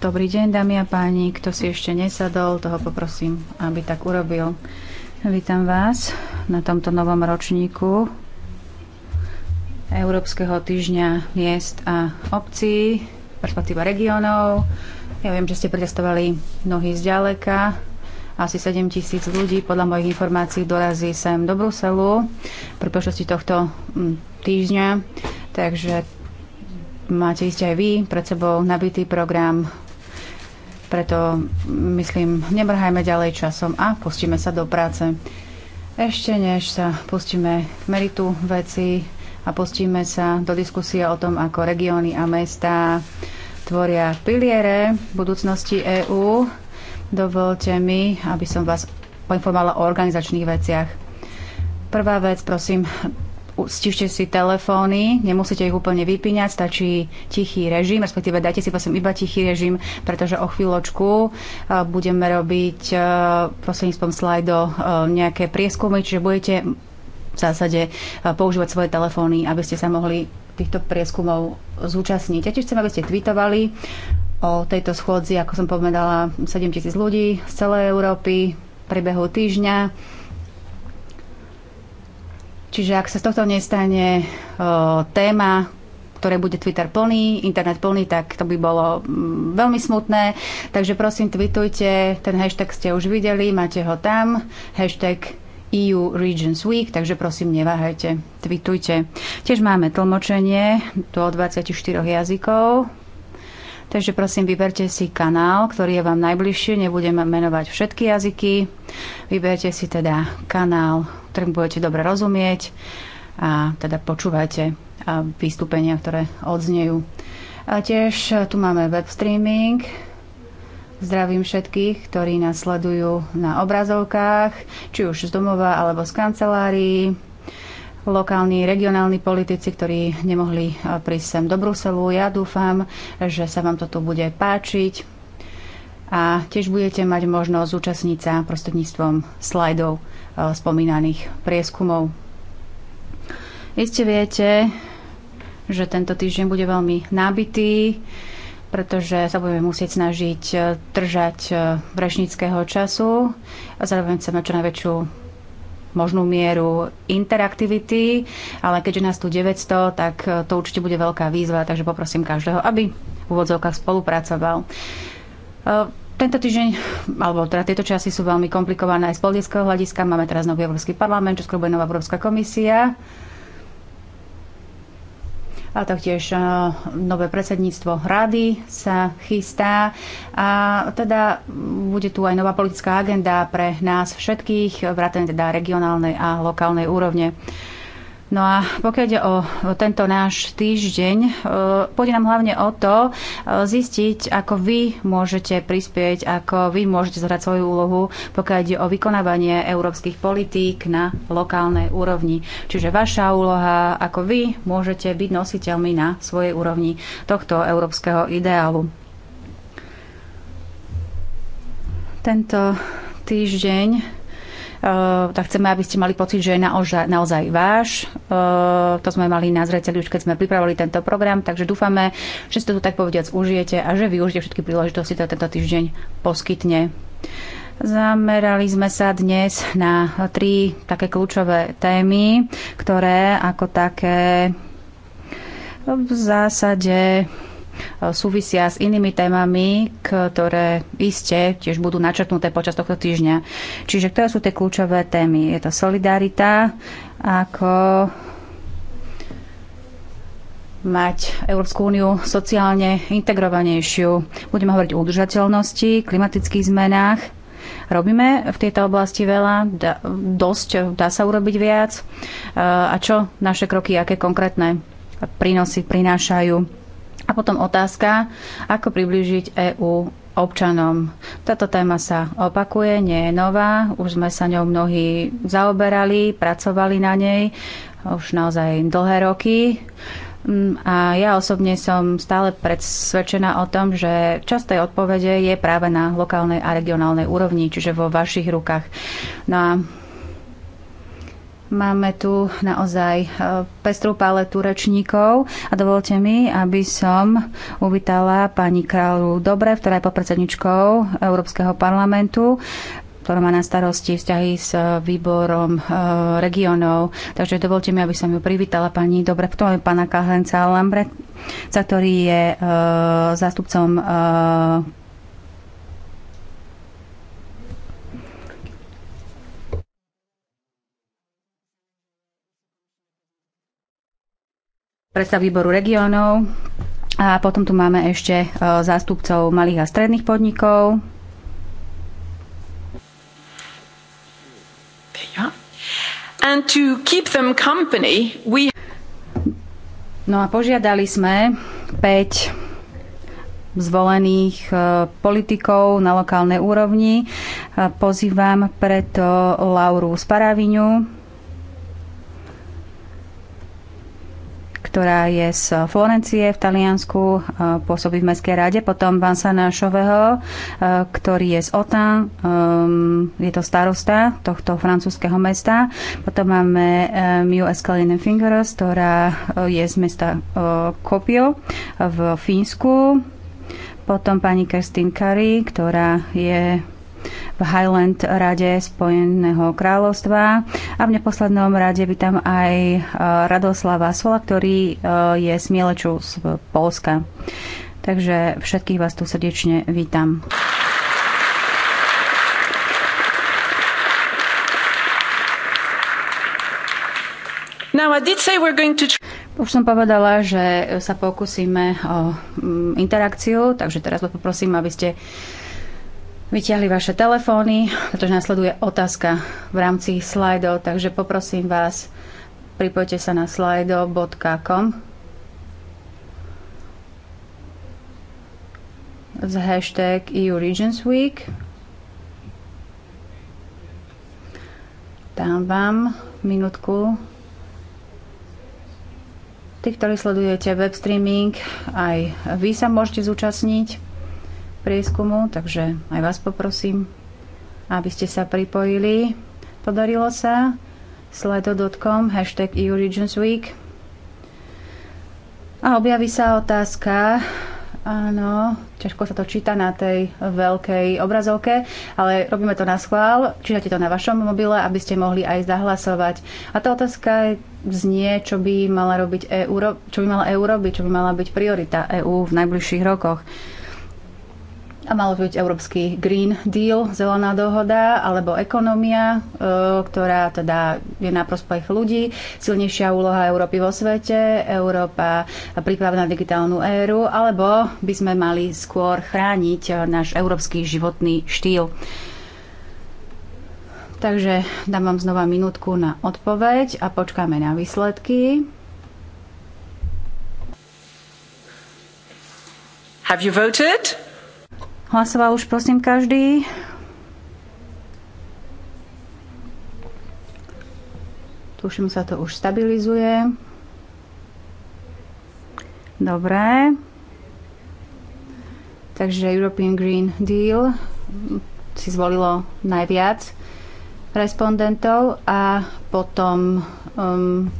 Dobrý deň, dámy a páni. Kto si ešte nesadol, toho poprosím, aby tak urobil. Vítam vás na tomto novom ročníku Európskeho týždňa miest a obcí, perspektíva regiónov. Ja viem, že ste predstavovali mnohí zďaleka, asi 7 tisíc ľudí podľa mojich informácií dorazí sem do Bruselu pri počasti tohto mm, týždňa. Takže máte ísť aj vy pred sebou nabitý program, preto myslím, nemrhajme ďalej časom a pustíme sa do práce. Ešte než sa pustíme k meritu veci a pustíme sa do diskusie o tom, ako regióny a mesta tvoria piliere budúcnosti EÚ, dovolte mi, aby som vás poinformovala o organizačných veciach. Prvá vec, prosím, stište si telefóny, nemusíte ich úplne vypíňať, stačí tichý režim, respektíve dajte si prosím iba tichý režim, pretože o chvíľočku e, budeme robiť e, prostredníctvom slajdo e, nejaké prieskumy, čiže budete v zásade používať svoje telefóny, aby ste sa mohli týchto prieskumov zúčastniť. Ja tiež chcem, aby ste tweetovali o tejto schôdzi, ako som povedala, 7 tisíc ľudí z celej Európy, prebehu týždňa Čiže ak sa z tohto nestane téma, ktoré bude Twitter plný, internet plný, tak to by bolo mm, veľmi smutné. Takže prosím, tweetujte, ten hashtag ste už videli, máte ho tam, hashtag EU Regions Week, takže prosím, neváhajte, tweetujte. Tiež máme tlmočenie do 24 jazykov, Takže prosím, vyberte si kanál, ktorý je vám najbližší. Nebudem menovať všetky jazyky. Vyberte si teda kanál ktorým budete dobre rozumieť a teda počúvajte vystúpenia, ktoré odznejú. A tiež e, tu máme web streaming. Zdravím všetkých, ktorí nás sledujú na obrazovkách, či už z domova alebo z kancelárií lokálni, regionálni politici, ktorí nemohli e, prísť sem do Bruselu. Ja dúfam, že sa vám toto bude páčiť a tiež budete mať možnosť zúčastniť sa prostredníctvom slajdov eh, spomínaných prieskumov. Iste viete, že tento týždeň bude veľmi nabitý, pretože sa budeme musieť snažiť eh, držať brešnického eh, času a zároveň chceme čo najväčšiu možnú mieru interaktivity, ale keďže nás tu 900, tak to určite bude veľká výzva, takže poprosím každého, aby v úvodzovkách spolupracoval. Eh, tento týždeň, alebo teda tieto časy sú veľmi komplikované aj z politického hľadiska. Máme teraz nový Európsky parlament, čo skôr bude nová Európska komisia a taktiež eh, nové predsedníctvo rady sa chystá. A teda bude tu aj nová politická agenda pre nás všetkých, vrátane teda regionálnej a lokálnej úrovne. No a pokiaľ ide o tento náš týždeň, e, pôjde nám hlavne o to e, zistiť, ako vy môžete prispieť, ako vy môžete zohrať svoju úlohu, pokiaľ ide o vykonávanie európskych politík na lokálnej úrovni. Čiže vaša úloha, ako vy môžete byť nositeľmi na svojej úrovni tohto európskeho ideálu. Tento týždeň Eh, tak chceme, aby ste mali pocit, že je naozaj, naozaj váš. Eh, to sme mali na zreteli už, keď sme pripravili tento program, takže dúfame, že si to tu tak povediac užijete a že využite všetky príležitosti, ktoré tento týždeň poskytne. Zamerali sme sa dnes na tri také kľúčové témy, ktoré ako také v zásade E, súvisia s inými témami, ktoré iste tiež budú načrtnuté počas tohto týždňa. Čiže ktoré sú tie kľúčové témy? Je to solidarita, ako mať Európsku úniu sociálne integrovanejšiu. Budeme hovoriť o udržateľnosti, klimatických zmenách. Robíme v tejto oblasti veľa, da, dosť, dá sa urobiť viac. E, a čo naše kroky, aké konkrétne prínosy prinášajú? A potom otázka, ako priblížiť EÚ občanom. Táto téma sa opakuje, nie je nová, už sme sa ňou mnohí zaoberali, pracovali na nej už naozaj dlhé roky. Mm, a ja osobne som stále predsvedčená o tom, že časť tej odpovede je práve na lokálnej a regionálnej úrovni, čiže vo vašich rukách. No a Máme tu naozaj e, pestrú paletu rečníkov a dovolte mi, aby som uvítala pani Králu Dobre, ktorá je podpredsedničkou Európskeho parlamentu ktorá má na starosti vzťahy s výborom e, regionov. Takže dovolte mi, aby som ju privítala pani Dobre, v je pána Kahlenca Lambreca, ktorý je e, zástupcom e, predstav výboru regiónov. A potom tu máme ešte e, zástupcov malých a stredných podnikov. And to keep them company, we... No a požiadali sme 5 zvolených e, politikov na lokálnej úrovni. E, pozývam preto Lauru Sparaviňu, ktorá je z Florencie v Taliansku, e, pôsobí v Mestskej rade, potom Vansana Šového, e, ktorý je z Otan, e, je to starosta tohto francúzského mesta. Potom máme Miu Eskalinen Fingeros, ktorá je z mesta Kopio v Fínsku. Potom pani Kerstin Kari, ktorá je v Highland Rade Spojeného kráľovstva. A v neposlednom rade vítam aj e, Radoslava Sola, ktorý e, je smieleču z Polska. Takže všetkých vás tu srdečne vítam. Už som povedala, že sa pokúsime o interakciu, takže teraz vás poprosím, aby ste vyťahli vaše telefóny, pretože nasleduje otázka v rámci slajdov, takže poprosím vás, pripojte sa na slido.com z hashtag EU Regions Week. Dám vám minútku. Tí, ktorí sledujete web streaming, aj vy sa môžete zúčastniť prieskumu, takže aj vás poprosím, aby ste sa pripojili. Podarilo sa sledo.com, hashtag EU Regions Week. A objaví sa otázka, áno, ťažko sa to číta na tej veľkej obrazovke, ale robíme to na schvál, čítate to na vašom mobile, aby ste mohli aj zahlasovať. A tá otázka znie, čo by mala robiť EU, čo by mala EU robiť, čo by mala byť priorita EU v najbližších rokoch a malo byť Európsky Green Deal, zelená dohoda, alebo ekonomia, e, ktorá teda je na prospech ľudí, silnejšia úloha Európy vo svete, Európa príprava na digitálnu éru, alebo by sme mali skôr chrániť náš európsky životný štýl. Takže dám vám znova minútku na odpoveď a počkáme na výsledky. Have you voted? Hlasoval už prosím každý. Tuším sa to už stabilizuje. Dobre. Takže European Green Deal si zvolilo najviac respondentov a potom um,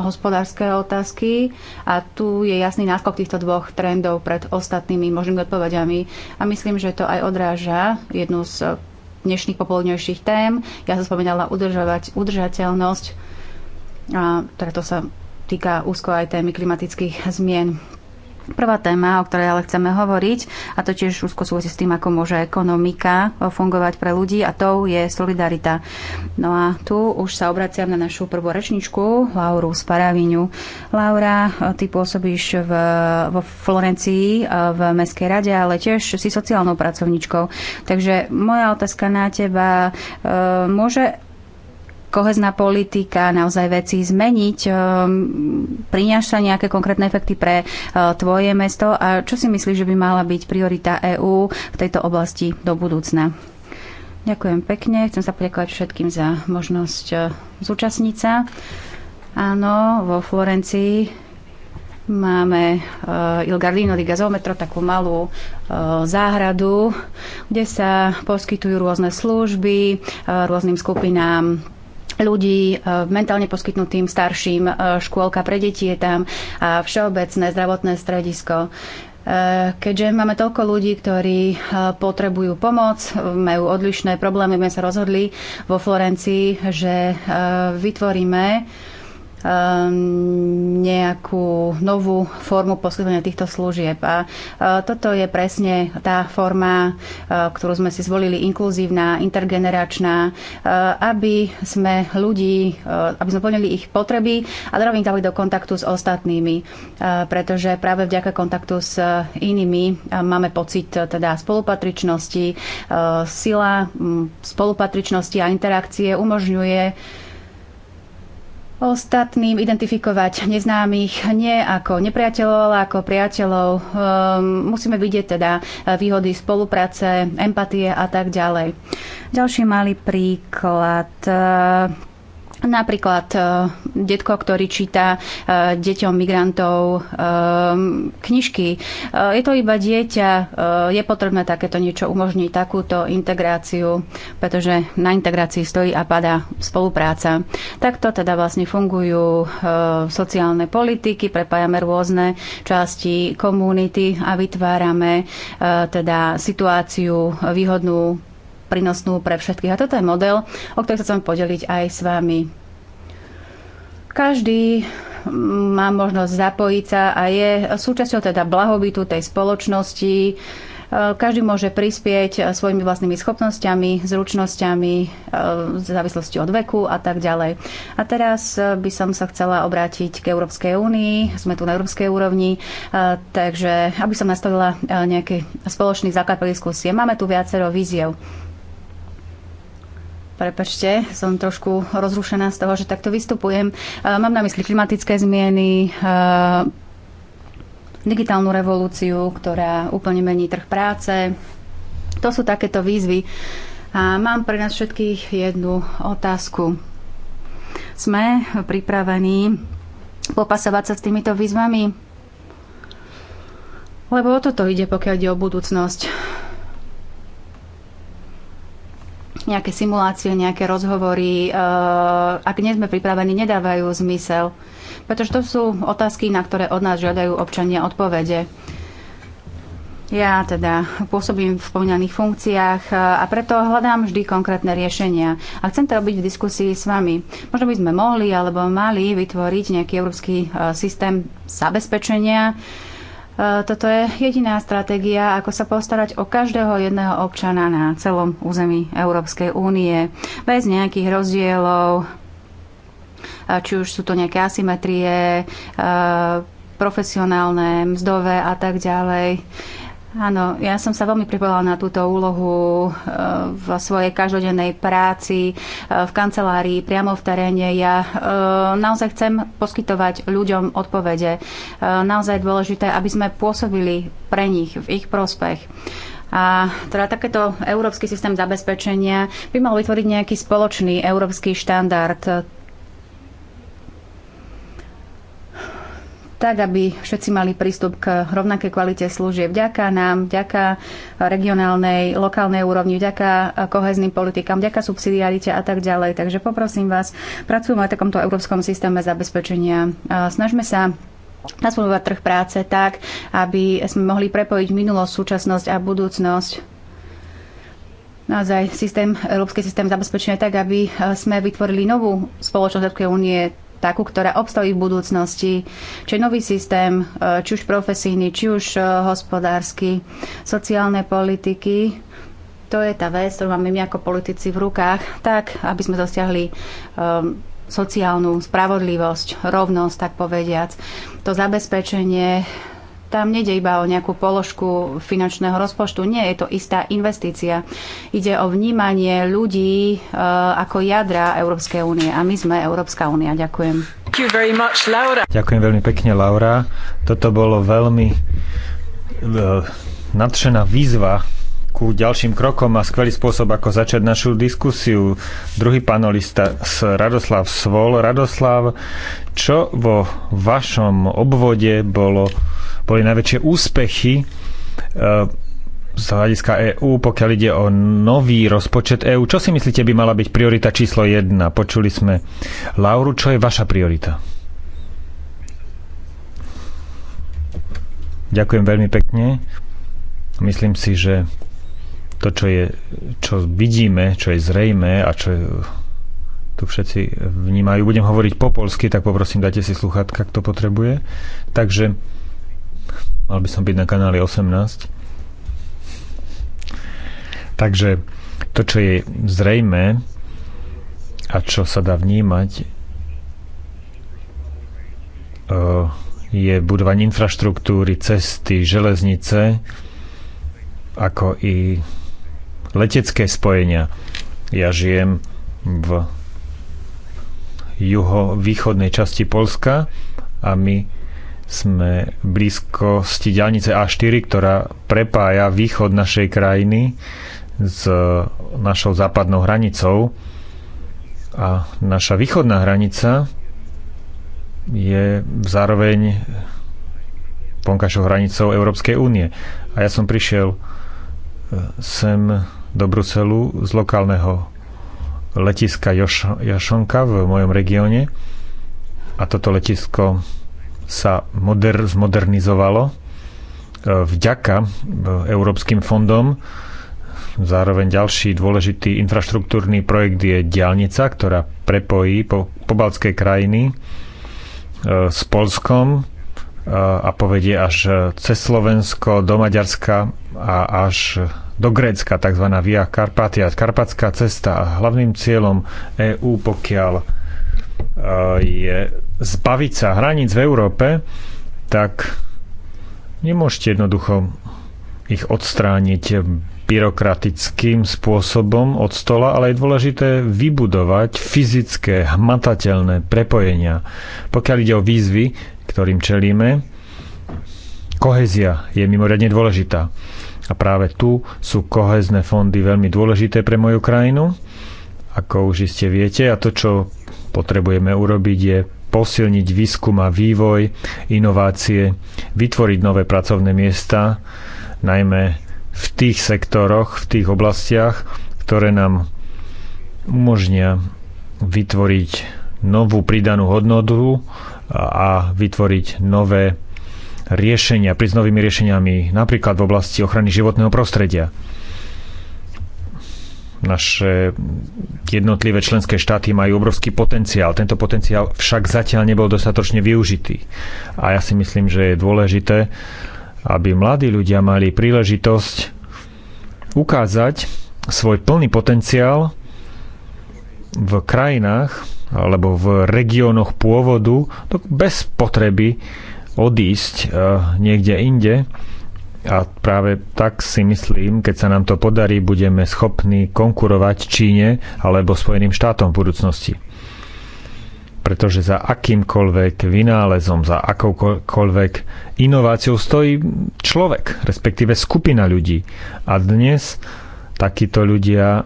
hospodárske otázky a tu je jasný náskok týchto dvoch trendov pred ostatnými možnými odpovediami a myslím, že to aj odráža jednu z dnešných popoludňujších tém. Ja som spomínala udržovať, udržateľnosť, a teda to sa týka úzko aj témy klimatických zmien. Prvá téma, o ktorej ale chceme hovoriť, a to tiež úzko súvisí s tým, ako môže ekonomika eh, fungovať pre ľudí, a to je solidarita. No a tu už sa obraciam na našu prvú rečničku, Lauru Sparaviňu. Laura, eh, ty pôsobíš v, vo Florencii eh, v Mestskej rade, ale tiež si sociálnou pracovníčkou. Takže moja otázka na teba, môže kohezná politika naozaj veci zmeniť? Um, prináša nejaké konkrétne efekty pre uh, tvoje mesto? A čo si myslíš, že by mala byť priorita EÚ v tejto oblasti do budúcna? Ďakujem pekne. Chcem sa poďakovať všetkým za možnosť uh, zúčastniť sa. Áno, vo Florencii máme uh, Il Gardino di Gazometro, takú malú uh, záhradu, kde sa poskytujú rôzne služby uh, rôznym skupinám ľudí, e, mentálne poskytnutým starším, e, škôlka pre deti je tam a všeobecné zdravotné stredisko. E, keďže máme toľko ľudí, ktorí potrebujú pomoc, majú odlišné problémy, my sme sa rozhodli vo Florencii, že vytvoríme Ehm, nejakú novú formu poskytovania týchto služieb. A e, toto je presne tá forma, e, ktorú sme si zvolili, inkluzívna, intergeneračná, e, aby sme ľudí, aby sme plnili ich potreby a zároveň dali do kontaktu s ostatnými, pretože práve vďaka kontaktu s inými máme pocit teda spolupatričnosti, sila spolupatričnosti a interakcie umožňuje ostatným identifikovať neznámych nie ako nepriateľov, ale ako priateľov. Ehm, musíme vidieť teda eh, výhody spolupráce, empatie a tak ďalej. Ďalší malý príklad eh, Napríklad e, detko, ktorý číta e, deťom migrantov e, knižky. Je to iba dieťa, je potrebné takéto niečo umožniť, takúto integráciu, pretože na integrácii stojí a padá spolupráca. Takto teda vlastne fungujú sociálne politiky, prepájame rôzne časti komunity a vytvárame teda situáciu výhodnú prínosnú pre všetkých. A toto je model, o ktorý sa chcem podeliť aj s vami. Každý mm, má možnosť zapojiť sa a je súčasťou teda blahobytu tej spoločnosti. E, každý môže prispieť svojimi vlastnými schopnosťami, zručnosťami, e, v závislosti od veku a tak ďalej. A teraz e, by som sa chcela obrátiť k Európskej únii. Sme tu na európskej úrovni, takže aby som nastavila nejaký spoločný základ pre diskusie. Máme tu viacero víziev. Prepačte, som trošku rozrušená z toho, že takto vystupujem. Mám na mysli klimatické zmieny. digitálnu revolúciu, ktorá úplne mení trh práce. To sú takéto výzvy. A mám pre nás všetkých jednu otázku. Sme pripravení popasovať sa s týmito výzvami? Lebo o toto ide, pokiaľ ide o budúcnosť nejaké simulácie, nejaké rozhovory, eh, ak nie sme pripravení, nedávajú zmysel. Pretože to sú otázky, na ktoré od nás žiadajú občania odpovede. Ja teda pôsobím v spomínaných funkciách eh, a preto hľadám vždy konkrétne riešenia. A chcem to robiť v diskusii s vami. Možno by sme mohli alebo mali vytvoriť nejaký európsky eh, systém zabezpečenia, E, toto je jediná stratégia, ako sa postarať o každého jedného občana na celom území Európskej únie, bez nejakých rozdielov, e, či už sú to nejaké asymetrie, e, profesionálne, mzdové a tak ďalej. Áno, ja som sa veľmi pripojila na túto úlohu e, v svojej každodennej práci, e, v kancelárii, priamo v teréne. Ja e, naozaj chcem poskytovať ľuďom odpovede. Naozaj dôležité, aby sme pôsobili pre nich, v ich prospech. A teda takéto európsky systém zabezpečenia by mal vytvoriť nejaký spoločný európsky štandard tak aby všetci mali prístup k rovnakej kvalite služieb. Vďaka nám, vďaka regionálnej, lokálnej úrovni, vďaka kohezným politikám, vďaka subsidiarite a tak ďalej. Takže poprosím vás, pracujme na takomto európskom systéme zabezpečenia. Snažme sa transformovať trh práce tak, aby sme mohli prepojiť minulosť, súčasnosť a budúcnosť naozaj systém, európsky systém zabezpečenia tak, aby sme vytvorili novú spoločnosť Európskej únie, takú, ktorá obstojí v budúcnosti. či nový systém, e, či už profesijný, či už e, hospodársky, sociálne politiky, to je tá vec, ktorú máme my ako politici v rukách, tak aby sme dosiahli um, sociálnu spravodlivosť, rovnosť, tak povediac. To zabezpečenie tam nejde iba o nejakú položku finančného rozpočtu. Nie, je to istá investícia. Ide o vnímanie ľudí e, ako jadra Európskej únie. A my sme Európska únia. Ďakujem. Ďakujem veľmi pekne, Laura. Toto bolo veľmi e, nadšená výzva ku ďalším krokom a skvelý spôsob, ako začať našu diskusiu. Druhý panelista Radoslav Svol. Radoslav, čo vo vašom obvode bolo, boli najväčšie úspechy e, z hľadiska EÚ, pokiaľ ide o nový rozpočet EÚ. Čo si myslíte, by mala byť priorita číslo 1? Počuli sme Lauru, čo je vaša priorita? Ďakujem veľmi pekne. Myslím si, že to, čo, je, čo vidíme, čo je zrejme a čo je, tu všetci vnímajú. Budem hovoriť po polsky, tak poprosím, dajte si sluchátka, kto potrebuje. Takže mal by som byť na kanáli 18. Takže to, čo je zrejme a čo sa dá vnímať, e, je budovanie infraštruktúry, cesty, železnice, ako i letecké spojenia. Ja žijem v juhovýchodnej časti Polska a my sme v blízkosti ďalnice A4, ktorá prepája východ našej krajiny s našou západnou hranicou. A naša východná hranica je zároveň vonkajšou hranicou Európskej únie. A ja som prišiel sem do Bruselu z lokálneho letiska Još, Jašonka v mojom regióne a toto letisko sa moder, zmodernizovalo e, vďaka e, európskym fondom. Zároveň ďalší dôležitý infraštruktúrny projekt je diálnica, ktorá prepojí po, pobaltské krajiny e, s Polskom a povedie až cez Slovensko do Maďarska a až do Grécka, tzv. Via Carpatia, Karpatská cesta. Hlavným cieľom EÚ, pokiaľ e, je zbaviť sa hraníc v Európe, tak nemôžete jednoducho ich odstrániť byrokratickým spôsobom od stola, ale je dôležité vybudovať fyzické, hmatateľné prepojenia. Pokiaľ ide o výzvy, ktorým čelíme, kohezia je mimoriadne dôležitá. A práve tu sú kohezné fondy veľmi dôležité pre moju krajinu, ako už iste viete. A to, čo potrebujeme urobiť, je posilniť výskum a vývoj, inovácie, vytvoriť nové pracovné miesta, najmä v tých sektoroch, v tých oblastiach, ktoré nám umožnia vytvoriť novú pridanú hodnotu a vytvoriť nové riešenia, prísť novými riešeniami, napríklad v oblasti ochrany životného prostredia. Naše jednotlivé členské štáty majú obrovský potenciál. Tento potenciál však zatiaľ nebol dostatočne využitý. A ja si myslím, že je dôležité, aby mladí ľudia mali príležitosť ukázať svoj plný potenciál v krajinách alebo v regiónoch pôvodu bez potreby odísť eh, niekde inde. A práve tak si myslím, keď sa nám to podarí, budeme schopní konkurovať Číne alebo Spojeným štátom v budúcnosti. Pretože za akýmkoľvek vynálezom, za akoukoľvek inováciou stojí človek, respektíve skupina ľudí. A dnes takíto ľudia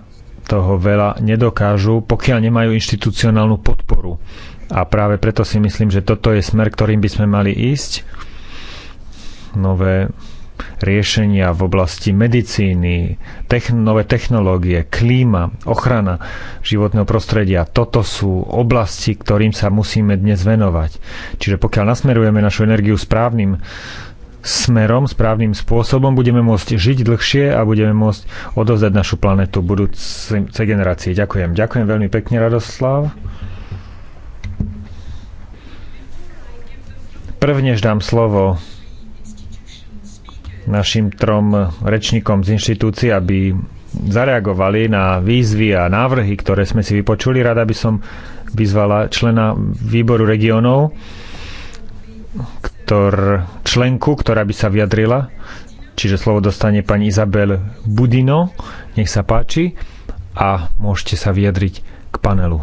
toho veľa nedokážu, pokiaľ nemajú inštitucionálnu podporu. A práve preto si myslím, že toto je smer, ktorým by sme mali ísť. Nové riešenia v oblasti medicíny, techn- nové technológie, klíma, ochrana životného prostredia. Toto sú oblasti, ktorým sa musíme dnes venovať. Čiže pokiaľ nasmerujeme našu energiu správnym smerom, správnym spôsobom, budeme môcť žiť dlhšie a budeme môcť odovzdať našu planetu budúcej generácii. Ďakujem. Ďakujem veľmi pekne, Radoslav. Prvnež dám slovo našim trom rečníkom z inštitúcií, aby zareagovali na výzvy a návrhy, ktoré sme si vypočuli. Rada by som vyzvala člena výboru regionov, priestor členku, ktorá by sa vyjadrila. Čiže slovo dostane pani Izabel Budino. Nech sa páči a môžete sa vyjadriť k panelu.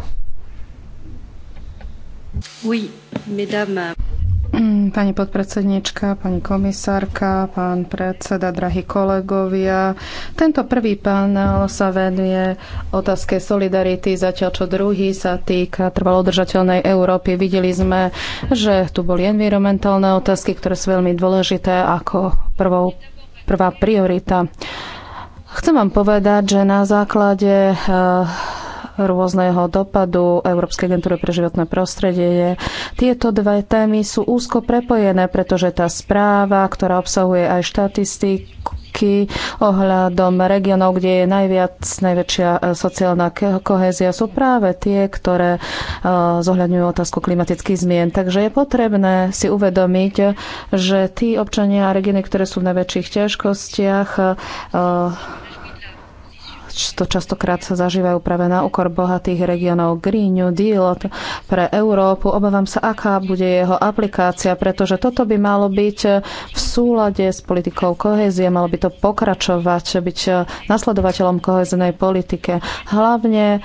Mm, pani podpredsednička, pani komisárka, pán predseda, drahí kolegovia. Tento prvý panel sa venuje otázke solidarity, zatiaľ čo druhý sa týka trvalo udržateľnej Európy. Videli sme, že tu boli environmentálne otázky, ktoré sú veľmi dôležité ako prvou, prvá priorita. Chcem vám povedať, že na základe eh, rôzneho dopadu Európskej agentúry pre životné prostredie je. Tieto dve témy sú úzko prepojené, pretože tá správa, ktorá obsahuje aj štatistiky ohľadom regionov, kde je najviac, najväčšia e, sociálna kohézia, sú práve tie, ktoré e, zohľadňujú otázku klimatických zmien. Takže je potrebné si uvedomiť, že tí občania a regiony, ktoré sú v najväčších ťažkostiach, e, to častokrát sa zažívajú práve na úkor bohatých regiónov. Green New Deal pre Európu. Obávam sa, aká bude jeho aplikácia, pretože toto by malo byť v súlade s politikou kohézie, malo by to pokračovať, byť nasledovateľom kohezenej politike. Hlavne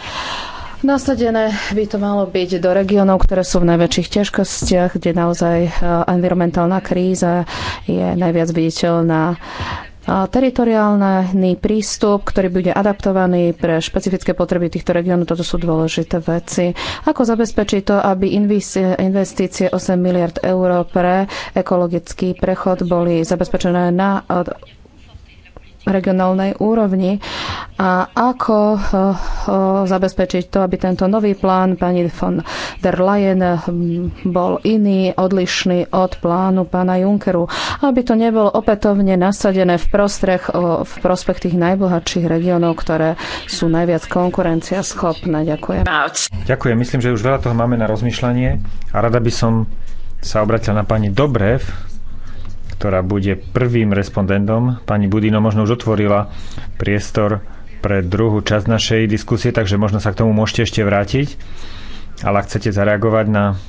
Nasadené by to malo byť do regiónov, ktoré sú v najväčších ťažkostiach, kde naozaj eh, environmentálna kríza je najviac viditeľná teritoriálny prístup, ktorý bude adaptovaný pre špecifické potreby týchto regiónov. Toto sú dôležité veci. Ako zabezpečiť to, aby investície 8 miliard eur pre ekologický prechod boli zabezpečené na regionálnej úrovni a ako eh, eh, zabezpečiť to, aby tento nový plán pani von der Leyen hm, bol iný, odlišný od plánu pána Junckeru, aby to nebolo opätovne nasadené v, prostrech, v prospech tých najbohatších regiónov, ktoré sú najviac konkurenciaschopné. Ďakujem. Ďakujem. Myslím, že už veľa toho máme na rozmýšľanie a rada by som sa obratil na pani Dobrev, ktorá bude prvým respondentom. Pani Budino možno už otvorila priestor pre druhú časť našej diskusie, takže možno sa k tomu môžete ešte vrátiť. Ale ak chcete zareagovať na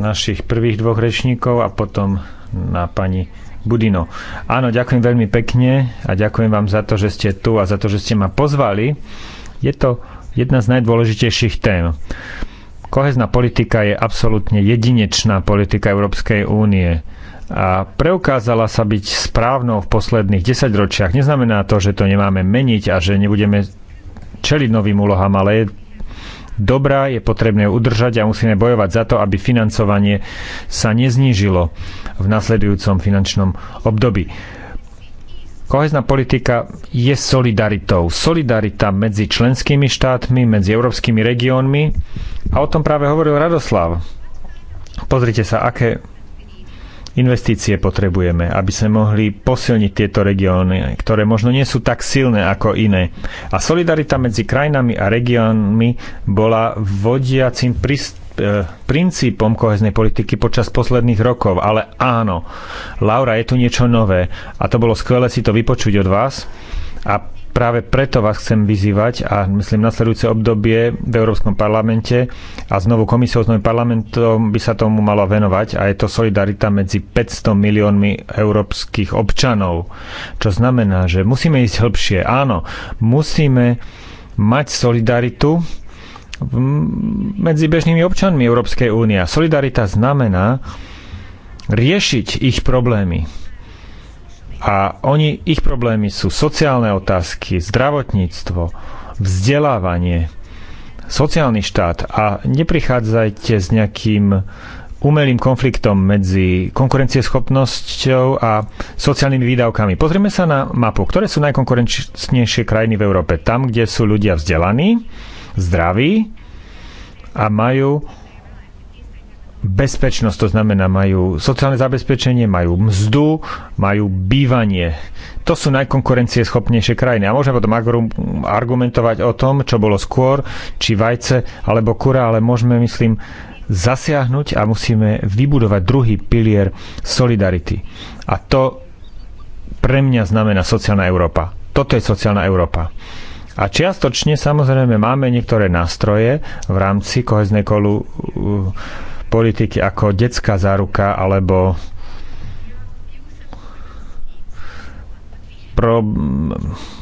našich prvých dvoch rečníkov a potom na pani Budino. Áno, ďakujem veľmi pekne a ďakujem vám za to, že ste tu a za to, že ste ma pozvali. Je to jedna z najdôležitejších tém. Kohezná politika je absolútne jedinečná politika Európskej únie a preukázala sa byť správnou v posledných desaťročiach. Neznamená to, že to nemáme meniť a že nebudeme čeliť novým úlohám, ale je dobrá, je potrebné udržať a musíme bojovať za to, aby financovanie sa neznížilo v nasledujúcom finančnom období. Kohezná politika je solidaritou. Solidarita medzi členskými štátmi, medzi európskymi regiónmi a o tom práve hovoril Radoslav. Pozrite sa, aké Investície potrebujeme, aby sme mohli posilniť tieto regióny, ktoré možno nie sú tak silné ako iné. A solidarita medzi krajinami a regiónmi bola vodiacim prístupom e, princípom koheznej politiky počas posledných rokov, ale áno, Laura, je tu niečo nové a to bolo skvelé si to vypočuť od vás a práve preto vás chcem vyzývať a myslím nasledujúce obdobie v Európskom parlamente a znovu komisiou, s novým parlamentom by sa tomu malo venovať a je to solidarita medzi 500 miliónmi európskych občanov. Čo znamená, že musíme ísť hĺbšie. Áno, musíme mať solidaritu medzi bežnými občanmi Európskej únie. Solidarita znamená riešiť ich problémy a oni, ich problémy sú sociálne otázky, zdravotníctvo, vzdelávanie, sociálny štát a neprichádzajte s nejakým umelým konfliktom medzi konkurencieschopnosťou a sociálnymi výdavkami. Pozrieme sa na mapu, ktoré sú najkonkurenčnejšie krajiny v Európe. Tam, kde sú ľudia vzdelaní, zdraví a majú bezpečnosť, to znamená majú sociálne zabezpečenie, majú mzdu, majú bývanie. To sú najkonkurencie schopnejšie krajiny. A môžeme potom argumentovať o tom, čo bolo skôr, či vajce alebo kura, ale môžeme, myslím, zasiahnuť a musíme vybudovať druhý pilier solidarity. A to pre mňa znamená sociálna Európa. Toto je sociálna Európa. A čiastočne samozrejme máme niektoré nástroje v rámci koheznej kolu politiky ako detská záruka alebo pro,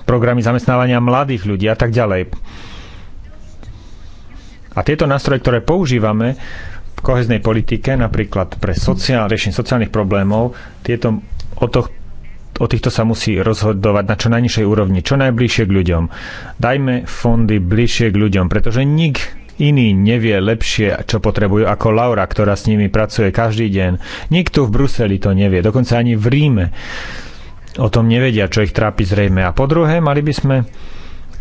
programy zamestnávania mladých ľudí a tak ďalej. A tieto nástroje, ktoré používame v koheznej politike, napríklad pre sociál, riešenie sociálnych problémov, tieto, o, toch, o týchto sa musí rozhodovať na čo najnižšej úrovni, čo najbližšie k ľuďom. Dajme fondy bližšie k ľuďom, pretože nik iný nevie lepšie, čo potrebujú ako Laura, ktorá s nimi pracuje každý deň. Nikto v Bruseli to nevie, dokonca ani v Ríme. O tom nevedia, čo ich trápi zrejme. A po druhé, mali by sme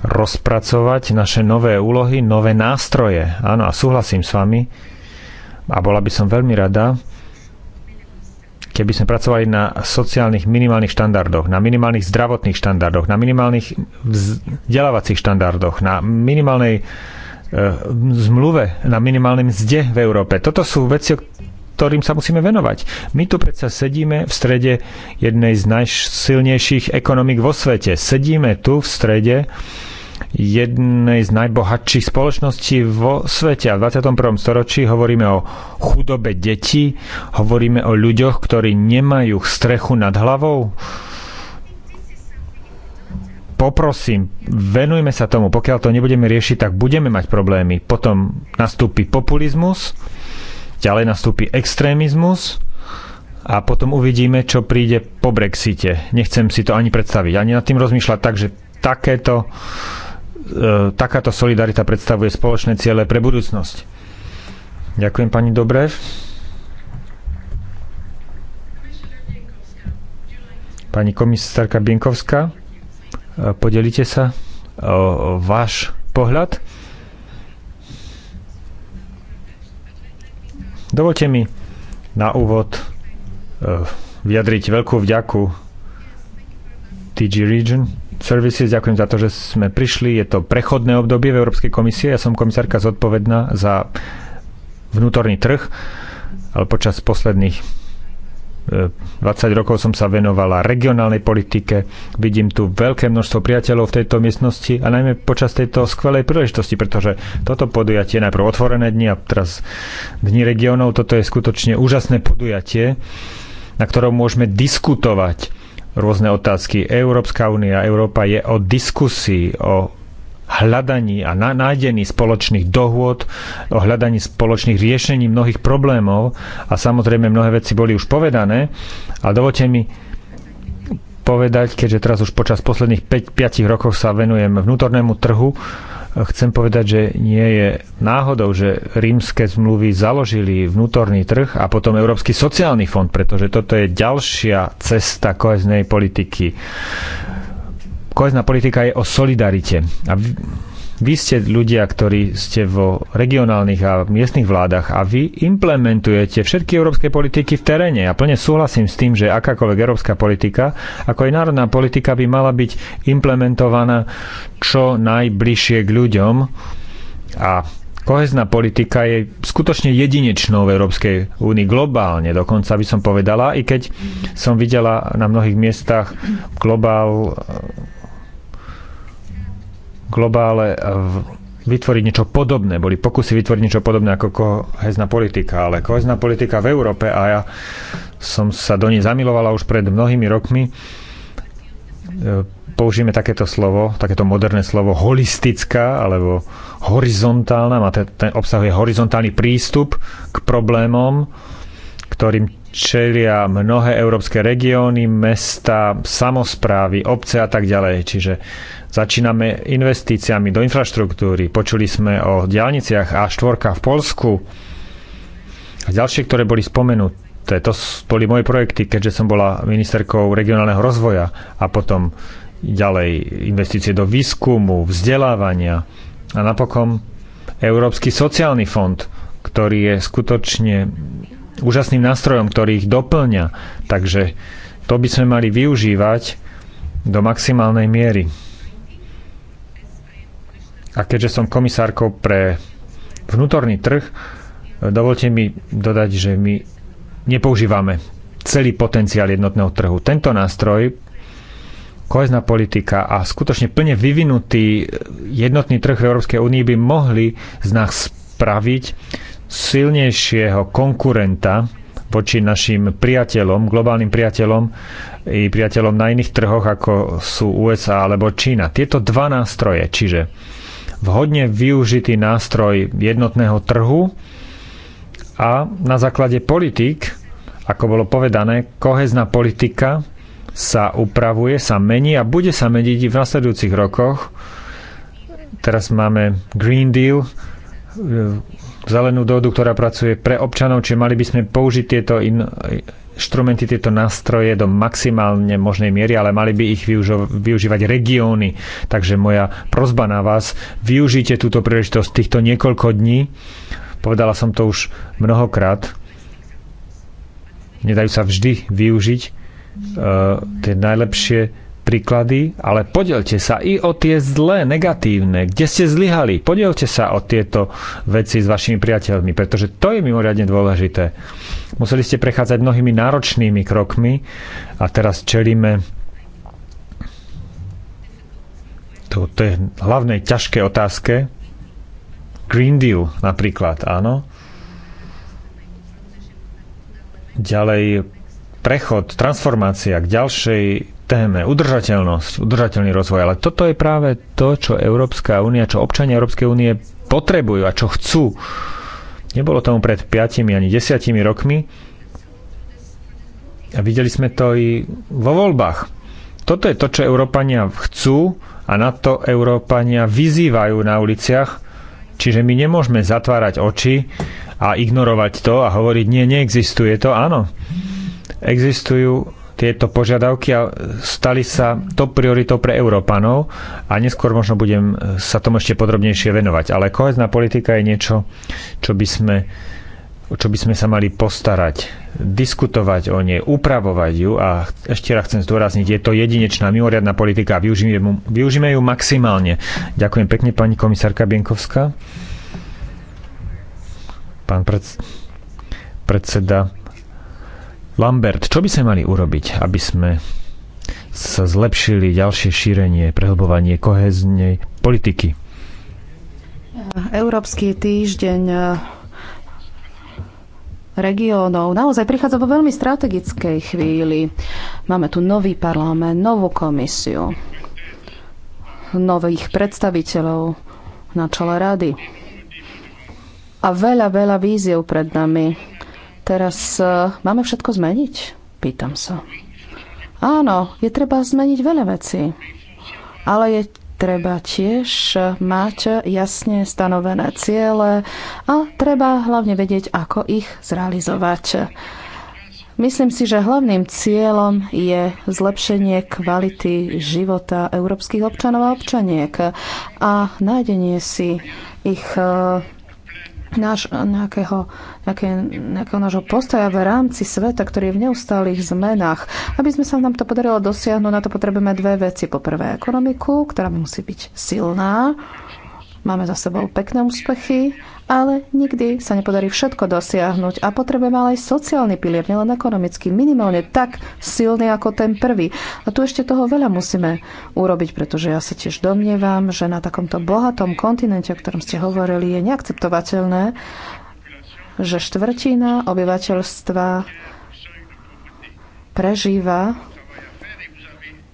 rozpracovať naše nové úlohy, nové nástroje. Áno, a súhlasím s vami. A bola by som veľmi rada, keby sme pracovali na sociálnych minimálnych štandardoch, na minimálnych zdravotných štandardoch, na minimálnych vzdelávacích štandardoch, na minimálnej E, zmluve na minimálnej mzde v Európe. Toto sú veci, ktorým sa musíme venovať. My tu predsa sedíme v strede jednej z najsilnejších ekonomik vo svete. Sedíme tu v strede jednej z najbohatších spoločností vo svete. A v 21. storočí hovoríme o chudobe detí, hovoríme o ľuďoch, ktorí nemajú strechu nad hlavou poprosím, venujme sa tomu. Pokiaľ to nebudeme riešiť, tak budeme mať problémy. Potom nastúpi populizmus, ďalej nastúpi extrémizmus a potom uvidíme, čo príde po Brexite. Nechcem si to ani predstaviť, ani nad tým rozmýšľať. Takže takéto, e, takáto solidarita predstavuje spoločné ciele pre budúcnosť. Ďakujem pani Dobrev. Pani komisárka Bienkovská. Podelíte sa o váš pohľad? Dovolte mi na úvod e, vyjadriť veľkú vďaku TG Region Services. Ďakujem za to, že sme prišli. Je to prechodné obdobie v Európskej komisie. Ja som komisárka zodpovedná za vnútorný trh, ale počas posledných 20 e, rokov som sa venovala regionálnej politike. Vidím tu veľké množstvo priateľov v tejto miestnosti a najmä počas tejto skvelej príležitosti, pretože toto podujatie je najprv otvorené dni a teraz dni regionov. Toto je skutočne úžasné podujatie, na ktorom môžeme diskutovať rôzne otázky. Európska únia, Európa je o diskusii, o hľadaní a nájdení spoločných dohôd, o hľadaní spoločných riešení mnohých problémov a samozrejme mnohé veci boli už povedané, ale dovolte mi povedať, keďže teraz už počas posledných 5, 5 rokov sa venujem vnútornému trhu, chcem povedať, že nie je náhodou, že rímske zmluvy založili vnútorný trh a potom Európsky sociálny fond, pretože toto je ďalšia cesta koheznej politiky kohezná politika je o solidarite. A vy, vy ste ľudia, ktorí ste vo regionálnych a miestnych vládach a vy implementujete všetky európske politiky v teréne. Ja plne súhlasím s tým, že akákoľvek európska politika, ako aj národná politika by mala byť implementovaná čo najbližšie k ľuďom a kohezná politika je skutočne jedinečnou v Európskej únii, globálne dokonca by som povedala, i keď som videla na mnohých miestach globál globále eh, vytvoriť niečo podobné. Boli pokusy vytvoriť niečo podobné ako kohezná politika, ale kohezná politika v Európe a ja som sa do nej zamilovala už pred mnohými rokmi. Eh, použijeme takéto slovo, takéto moderné slovo holistická alebo horizontálna, má ten, ten obsahuje horizontálny prístup k problémom, ktorým čelia mnohé európske regióny, mesta, samozprávy, obce a tak ďalej. Čiže začíname investíciami do infraštruktúry. Počuli sme o diálniciach A4 v Polsku a ďalšie, ktoré boli spomenuté. To boli moje projekty, keďže som bola ministerkou regionálneho rozvoja a potom ďalej investície do výskumu, vzdelávania a napokon Európsky sociálny fond, ktorý je skutočne úžasným nástrojom, ktorý ich doplňa. Takže to by sme mali využívať do maximálnej miery. A keďže som komisárkou pre vnútorný trh, dovolte mi dodať, že my nepoužívame celý potenciál jednotného trhu. Tento nástroj, kohezná politika a skutočne plne vyvinutý jednotný trh v Európskej únii by mohli z nás spraviť silnejšieho konkurenta voči našim priateľom, globálnym priateľom i priateľom na iných trhoch, ako sú USA alebo Čína. Tieto dva nástroje, čiže vhodne využitý nástroj jednotného trhu a na základe politík, ako bolo povedané, kohezná politika sa upravuje, sa mení a bude sa meniť v nasledujúcich rokoch. Teraz máme Green Deal, zelenú dohodu, ktorá pracuje pre občanov, či mali by sme použiť tieto in, inštrumenty, tieto nástroje do maximálne možnej miery, ale mali by ich využo- využívať regióny. Takže moja prozba na vás, využite túto príležitosť týchto niekoľko dní. Povedala som to už mnohokrát. Nedajú sa vždy využiť uh, tie najlepšie príklady, ale podielte sa i o tie zlé, negatívne, kde ste zlyhali. Podielte sa o tieto veci s vašimi priateľmi, pretože to je mimoriadne dôležité. Museli ste prechádzať mnohými náročnými krokmi a teraz čelíme to, to je hlavnej ťažké otázke. Green Deal napríklad, áno. Ďalej prechod, transformácia k ďalšej téme. Udržateľnosť, udržateľný rozvoj. Ale toto je práve to, čo Európska únia, čo občania Európskej únie potrebujú a čo chcú. Nebolo tomu pred 5 ani 10 rokmi. A videli sme to i vo voľbách. Toto je to, čo Európania chcú a na to Európania vyzývajú na uliciach. Čiže my nemôžeme zatvárať oči a ignorovať to a hovoriť, nie, neexistuje to. Áno, existujú tieto požiadavky a stali sa top prioritou pre Európanov a neskôr možno budem sa tomu ešte podrobnejšie venovať. Ale kohezná politika je niečo, čo by sme čo by sme sa mali postarať, diskutovať o nej, upravovať ju a ešte raz chcem zdôrazniť, je to jedinečná mimoriadná politika a využíme, využíme ju maximálne. Ďakujem pekne pani komisárka Bienkovská. Pán pred, predseda Lambert, čo by sme mali urobiť, aby sme sa zlepšili ďalšie šírenie, prehlbovanie koheznej politiky? Európsky týždeň eh, regiónov naozaj prichádza vo veľmi strategickej chvíli. Máme tu nový parlament, novú komisiu, nových predstaviteľov na čele rady a veľa, veľa víziev pred nami Teraz e, máme všetko zmeniť? Pýtam sa. Áno, je treba zmeniť veľa vecí, ale je treba tiež mať jasne stanovené ciele a treba hlavne vedieť, ako ich zrealizovať. Myslím si, že hlavným cieľom je zlepšenie kvality života európskych občanov a občaniek a nájdenie si ich e, náš, nejakého, nejaké, nejakého nášho postoja v rámci sveta, ktorý je v neustálých zmenách. Aby sme sa nám to podarilo dosiahnuť, na to potrebujeme dve veci. Poprvé ekonomiku, ktorá musí byť silná. Máme za sebou pekné úspechy ale nikdy sa nepodarí všetko dosiahnuť a potrebujeme ale aj sociálny pilier, nielen ekonomický, minimálne tak silný ako ten prvý. A tu ešte toho veľa musíme urobiť, pretože ja sa tiež domnievam, že na takomto bohatom kontinente, o ktorom ste hovorili, je neakceptovateľné, že štvrtina obyvateľstva prežíva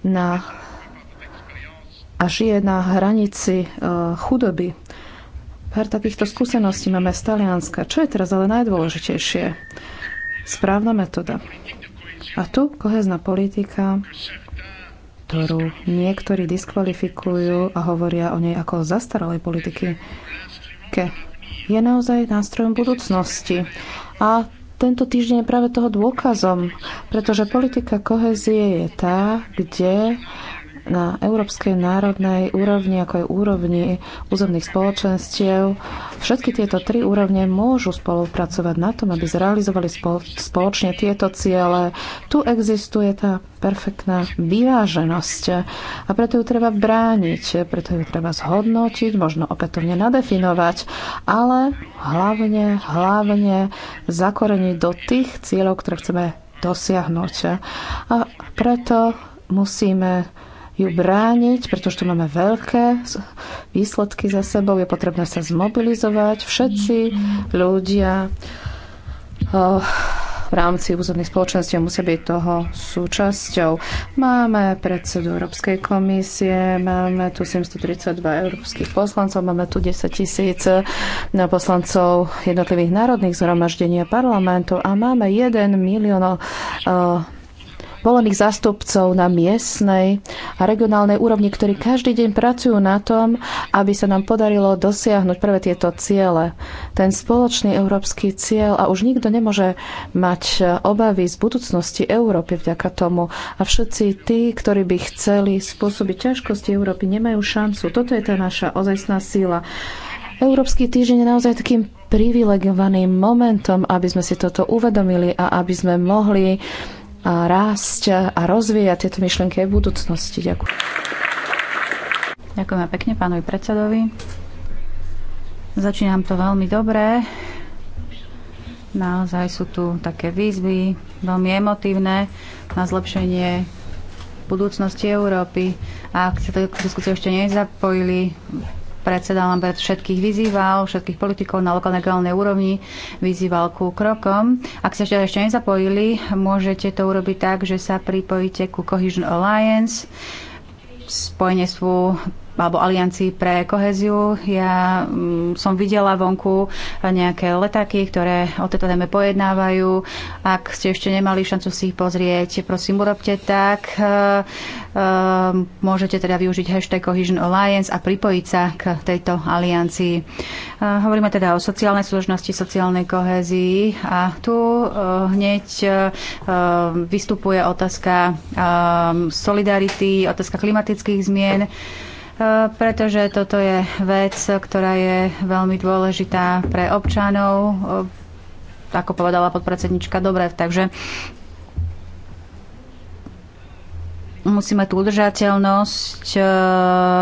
na a žije na hranici e, chudoby. Pár takýchto skúseností máme z Talianska. Čo je teraz ale najdôležitejšie? Správna metóda. A tu kohezná politika, ktorú niektorí diskvalifikujú a hovoria o nej ako o zastaralej politiky, ke, je naozaj nástrojom budúcnosti. A tento týždeň je práve toho dôkazom, pretože politika kohezie je tá, kde na európskej národnej úrovni, ako aj úrovni územných spoločenstiev. Všetky tieto tri úrovne môžu spolupracovať na tom, aby zrealizovali spoločne tieto ciele. Tu existuje tá perfektná vyváženosť a preto ju treba brániť, preto ju treba zhodnotiť, možno opätovne nadefinovať, ale hlavne, hlavne zakoreniť do tých cieľov, ktoré chceme dosiahnuť. A preto musíme ju brániť, pretože tu máme veľké výsledky za sebou. Je potrebné sa zmobilizovať všetci ľudia eh, v rámci územných spoločenstiev musia byť toho súčasťou. Máme predsedu Európskej komisie, máme tu 732 európskych poslancov, máme tu 10 tisíc eh, poslancov jednotlivých národných zhromaždení a parlamentov a máme 1 milión uh, volených zástupcov na miestnej a regionálnej úrovni, ktorí každý deň pracujú na tom, aby sa nám podarilo dosiahnuť prvé tieto ciele. Ten spoločný európsky cieľ a už nikto nemôže mať obavy z budúcnosti Európy vďaka tomu. A všetci tí, ktorí by chceli spôsobiť ťažkosti Európy, nemajú šancu. Toto je tá naša ozajstná síla. Európsky týždeň je naozaj takým privilegovaným momentom, aby sme si toto uvedomili a aby sme mohli a rásť a rozvíjať tieto myšlienky aj v budúcnosti. Ďakujem. Ďakujeme pekne pánovi predsedovi. Začínam to veľmi dobre. Naozaj sú tu také výzvy, veľmi emotívne na zlepšenie budúcnosti Európy. A ak sa to diskusie ešte nezapojili Predseda Lambert všetkých vyzýval, všetkých politikov na lokálnej regionálnej úrovni vyzýval ku krokom. Ak sa ešte nezapojili, môžete to urobiť tak, že sa pripojíte ku Cohesion Alliance, spojenie alebo Aliancii pre koheziu. Ja mm, som videla vonku nejaké letáky, ktoré o tejto téme pojednávajú. Ak ste ešte nemali šancu si ich pozrieť, prosím, urobte tak. E, e, môžete teda využiť hashtag Cohesion Alliance a pripojiť sa k tejto aliancii. E, hovoríme teda o sociálnej súdržnosti, sociálnej kohezii a tu hneď vystupuje otázka solidarity, otázka klimatických zmien. E, pretože toto je vec, ktorá je veľmi dôležitá pre občanov, e, ako povedala podpredsednička dobre, Takže musíme tú udržateľnosť e,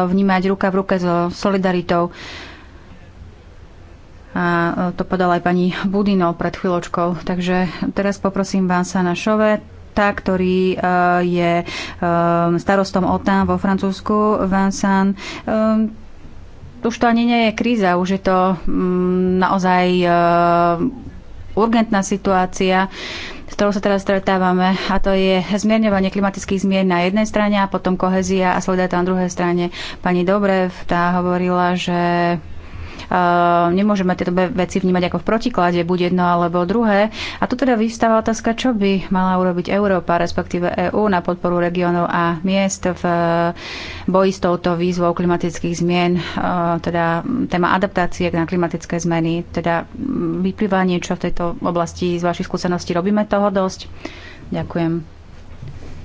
vnímať ruka v ruke so solidaritou. A to podala aj pani Budino pred chvíľočkou. Takže teraz poprosím Vánsana Šove, Laporta, ktorý eh, je eh, starostom OTAN vo Francúzsku, Vincent eh, už to ani nie je kríza, už je to um, naozaj uh, urgentná situácia, s ktorou sa teraz stretávame, a to je zmierňovanie klimatických zmien na jednej strane a potom kohezia a solidarita na druhej strane. Pani Dobrev tá hovorila, že Ehm, nemôžeme tieto veci vnímať ako v protiklade, buď jedno alebo druhé. A tu teda vystáva otázka, čo by mala urobiť Európa, respektíve EÚ na podporu regiónov a miest v eh, boji s touto výzvou klimatických zmien, ehm, teda téma adaptácie na klimatické zmeny. Teda mm, vyplýva niečo v tejto oblasti z vašich skúseností? Robíme toho dosť? Ďakujem.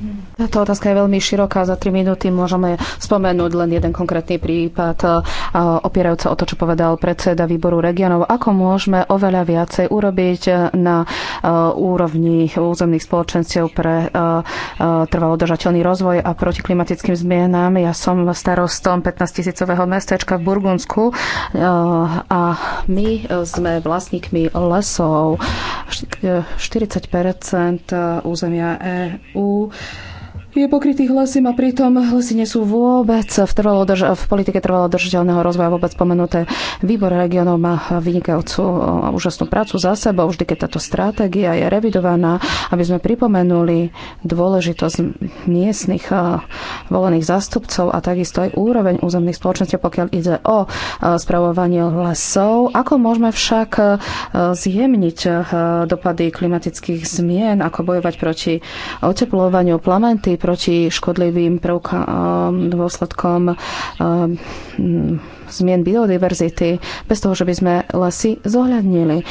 Hm. Táto otázka je veľmi široká. Za tri minúty môžeme spomenúť len jeden konkrétny prípad, opierajúca o to, čo povedal predseda výboru regionov. Ako môžeme oveľa viacej urobiť na úrovni územných spoločenstiev pre trvalodržateľný rozvoj a proti klimatickým zmienám. Ja som starostom 15 tisícového mestečka v Burgundsku a my sme vlastníkmi lesov. 40 územia EÚ je pokrytý hlasím a pritom hlasy nie sú vôbec v, trvalo drž- v politike trvalo držiteľného rozvoja vôbec spomenuté. Výbor regionov má vynikajúcu a e, úžasnú prácu za sebou, vždy keď táto stratégia je revidovaná, aby sme pripomenuli dôležitosť miestnych e, volených zástupcov a takisto aj úroveň územných spoločností, pokiaľ ide o e, spravovanie lesov. Ako môžeme však zjemniť dopady klimatických zmien, ako bojovať proti oteplovaniu plamenty, proti škodlivým prvkom, eh, dôsledkom eh, mm, zmien biodiverzity, bez toho, že by sme lesy zohľadnili. Eh,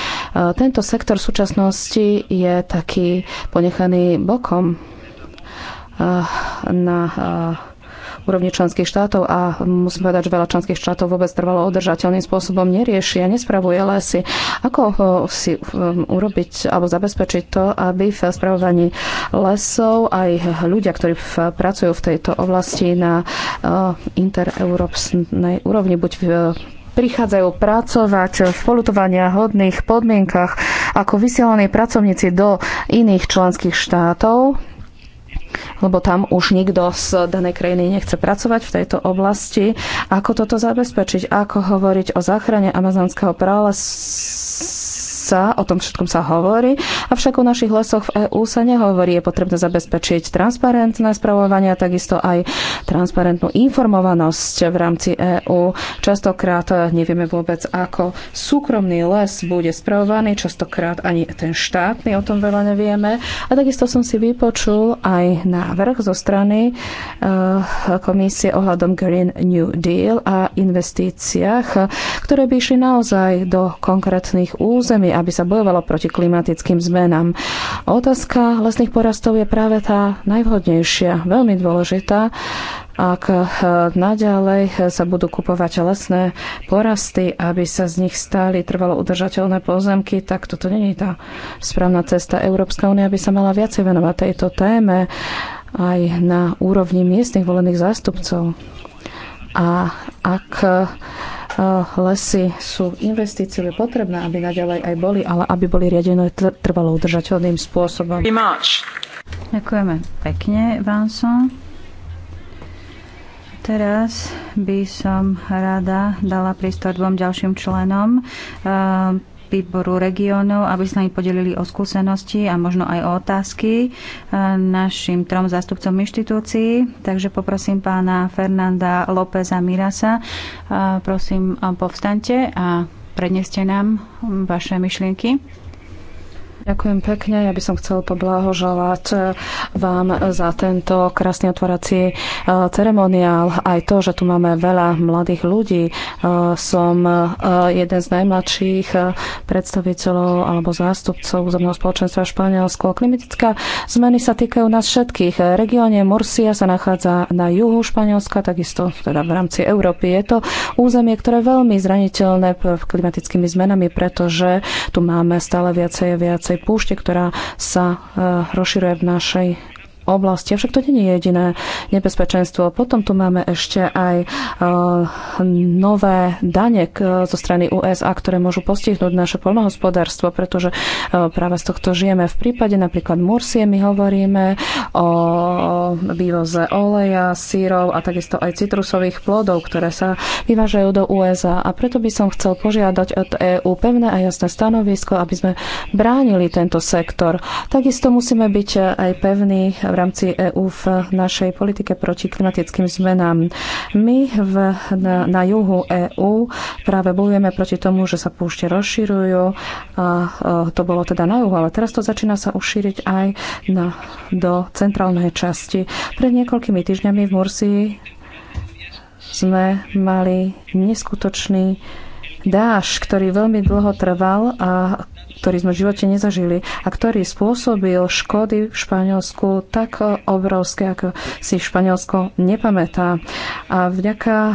tento sektor v súčasnosti je taký ponechaný bokom na úrovni členských štátov a musím povedať, že veľa členských štátov vôbec trvalo udržateľným spôsobom nerieši a nespravuje lesy. Ako e, si e, urobiť alebo zabezpečiť to, aby v spravovaní lesov aj ľudia, ktorí pracujú v tejto oblasti na e, intereurópsnej úrovni, buď v prichádzajú pracovať v polutovania hodných podmienkach ako vysielaní pracovníci do iných členských štátov, lebo tam už nikto z danej krajiny nechce pracovať v tejto oblasti. Ako toto zabezpečiť? Ako hovoriť o záchrane amazonského pralesa? sa, o tom všetkom sa hovorí, avšak o našich lesoch v EÚ sa nehovorí. Je potrebné zabezpečiť transparentné spravovanie a takisto aj transparentnú informovanosť v rámci EÚ. Častokrát nevieme vôbec, ako súkromný les bude spravovaný, častokrát ani ten štátny, o tom veľa nevieme. A takisto som si vypočul aj návrh zo strany eh, komisie ohľadom Green New Deal a investíciách, ktoré by išli naozaj do konkrétnych území aby sa bojovalo proti klimatickým zmenám. Otázka lesných porastov je práve tá najvhodnejšia, veľmi dôležitá ak eh, naďalej eh, sa budú kupovať lesné porasty, aby sa z nich stali trvalo udržateľné pozemky, tak toto není tá správna cesta. Európska únia by sa mala viacej venovať tejto téme aj na úrovni miestnych volených zástupcov. A ak e, lesy sú investíciou, je potrebné, aby naďalej aj boli, ale aby boli riadené trvalo udržateľným spôsobom. Ďakujeme pekne, Vanson. Teraz by som rada dala prístor dvom ďalším členom e, výboru regiónov, aby sa im podelili o skúsenosti a možno aj o otázky e, našim trom zástupcom inštitúcií. Takže poprosím pána Fernanda Lópeza Mirasa, e, prosím povstante a predneste nám vaše myšlienky. Ďakujem pekne. Ja by som chcel poblahoželať eh, vám za tento krásny otvorací eh, ceremoniál. Aj to, že tu máme veľa mladých ľudí. Eh, som jeden z najmladších predstaviteľov alebo zástupcov územného spoločenstva Španielsko. Klimatická zmeny sa týkajú nás všetkých. Regióne Mursia sa nachádza na juhu Španielska, takisto teda v rámci Európy. Je to územie, ktoré je veľmi zraniteľné klimatickými zmenami, pretože tu máme stále viacej a viacej horúcej púšte, ktorá sa e, rozširuje v našej oblasti. Avšak to nie je jediné nebezpečenstvo. Potom tu máme ešte aj eh, nové dane eh, zo strany USA, ktoré môžu postihnúť naše polnohospodárstvo, pretože eh, práve z tohto žijeme. V prípade napríklad Mursie my hovoríme o vývoze oleja, sírov a takisto aj citrusových plodov, ktoré sa vyvážajú do USA. A preto by som chcel požiadať od EU pevné a jasné stanovisko, aby sme bránili tento sektor. Takisto musíme byť aj pevní v rámci EÚ v našej politike proti klimatickým zmenám. My v, na, na juhu EÚ práve bojujeme proti tomu, že sa púšte rozširujú. A, a e, to bolo teda na juhu, ale teraz to začína sa ušíriť aj na, do centrálnej časti. Pred niekoľkými týždňami v Mursii sme mali neskutočný dáž, ktorý veľmi dlho trval a ktorý sme v živote nezažili a ktorý spôsobil škody v Španielsku tak obrovské, ako si Španielsko nepamätá. A vďaka eh,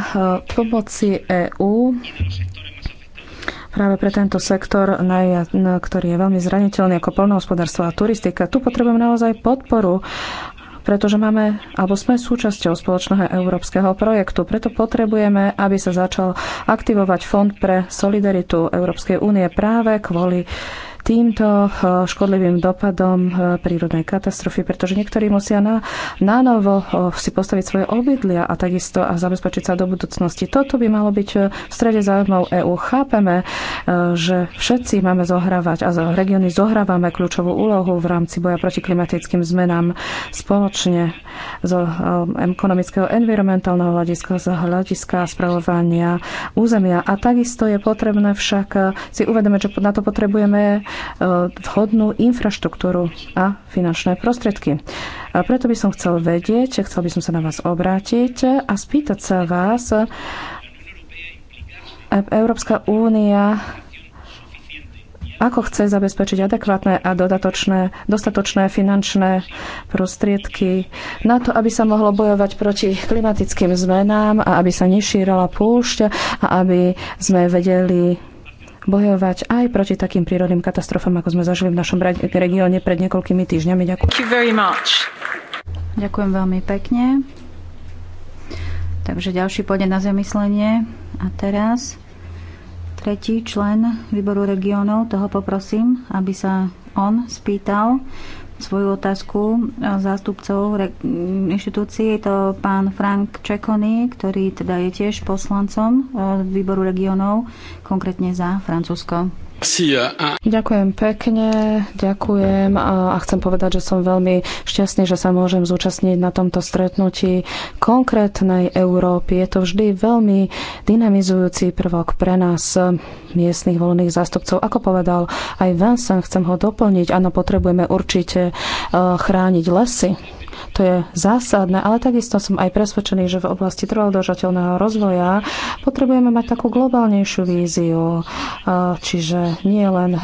pomoci EÚ práve pre tento sektor, ktorý je veľmi zraniteľný ako polnohospodárstvo a turistika. Tu potrebujeme naozaj podporu pretože máme, alebo sme súčasťou spoločného európskeho projektu. Preto potrebujeme, aby sa začal aktivovať fond pre solidaritu Európskej únie práve kvôli týmto eh, škodlivým dopadom eh, prírodnej katastrofy, pretože niektorí musia na, na novo eh, si postaviť svoje obydlia a takisto a zabezpečiť sa do budúcnosti. Toto by malo byť v strede záujmov EÚ. Chápeme, že všetci máme zohrávať a regióny zohrávame kľúčovú úlohu v rámci boja proti klimatickým zmenám spoločne z ekonomického, environmentálneho hľadiska, z hľadiska spravovania územia. A takisto je potrebné však si uvedomiť, že na to potrebujeme E, vhodnú infraštruktúru a finančné prostriedky. A preto by som chcel vedieť, chcel by som sa na vás obrátiť a spýtať sa vás, e, Európska únia ako chce zabezpečiť adekvátne a dodatočné, dostatočné finančné prostriedky na to, aby sa mohlo bojovať proti klimatickým zmenám a aby sa nešírala púšť a aby sme vedeli bojovať aj proti takým prírodným katastrofám, ako sme zažili v našom regióne pred niekoľkými týždňami. Ďakujem. Ďakujem veľmi pekne. Takže ďalší pôjde na zamyslenie. A teraz tretí člen výboru regionov, toho poprosím, aby sa on spýtal svoju otázku e, zástupcov inštitúcií. Je to pán Frank Čekony, ktorý teda je tiež poslancom e, výboru regionov, konkrétne za Francúzsko. Eh, eh. Ďakujem pekne, ďakujem eh, a chcem povedať, že som veľmi šťastný, že sa môžem zúčastniť na tomto stretnutí konkrétnej Európy. Je to vždy veľmi dynamizujúci prvok pre nás, miestnych volených zástupcov. Ako povedal aj Vincent, chcem ho doplniť. Áno, potrebujeme určite chrániť lesy to je zásadné, ale takisto som aj presvedčený, že v oblasti trvalodržateľného rozvoja potrebujeme mať takú globálnejšiu víziu, čiže nie len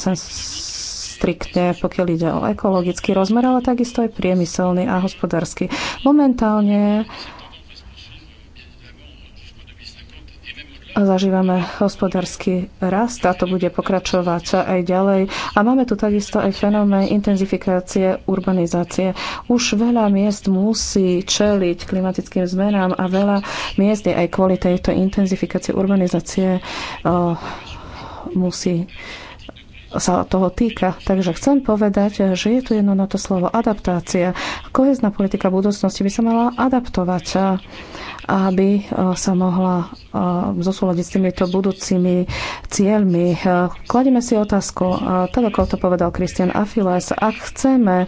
striktne, pokiaľ ide o ekologický rozmer, ale takisto aj priemyselný a hospodársky. Momentálne zažívame hospodársky rast a to bude pokračovať aj ďalej. A máme tu takisto aj fenomén intenzifikácie urbanizácie. Už veľa miest musí čeliť klimatickým zmenám a veľa miest je aj kvôli tejto intenzifikácie urbanizácie o, eh, musí sa toho týka. Takže chcem povedať, že je tu jedno na to slovo adaptácia. Kohezná politika budúcnosti by sa mala adaptovať aby eh, sa mohla eh, zosúľadiť s týmito budúcimi cieľmi. Eh, kladieme si otázku, tak ako to povedal Christian Afiles, ak chceme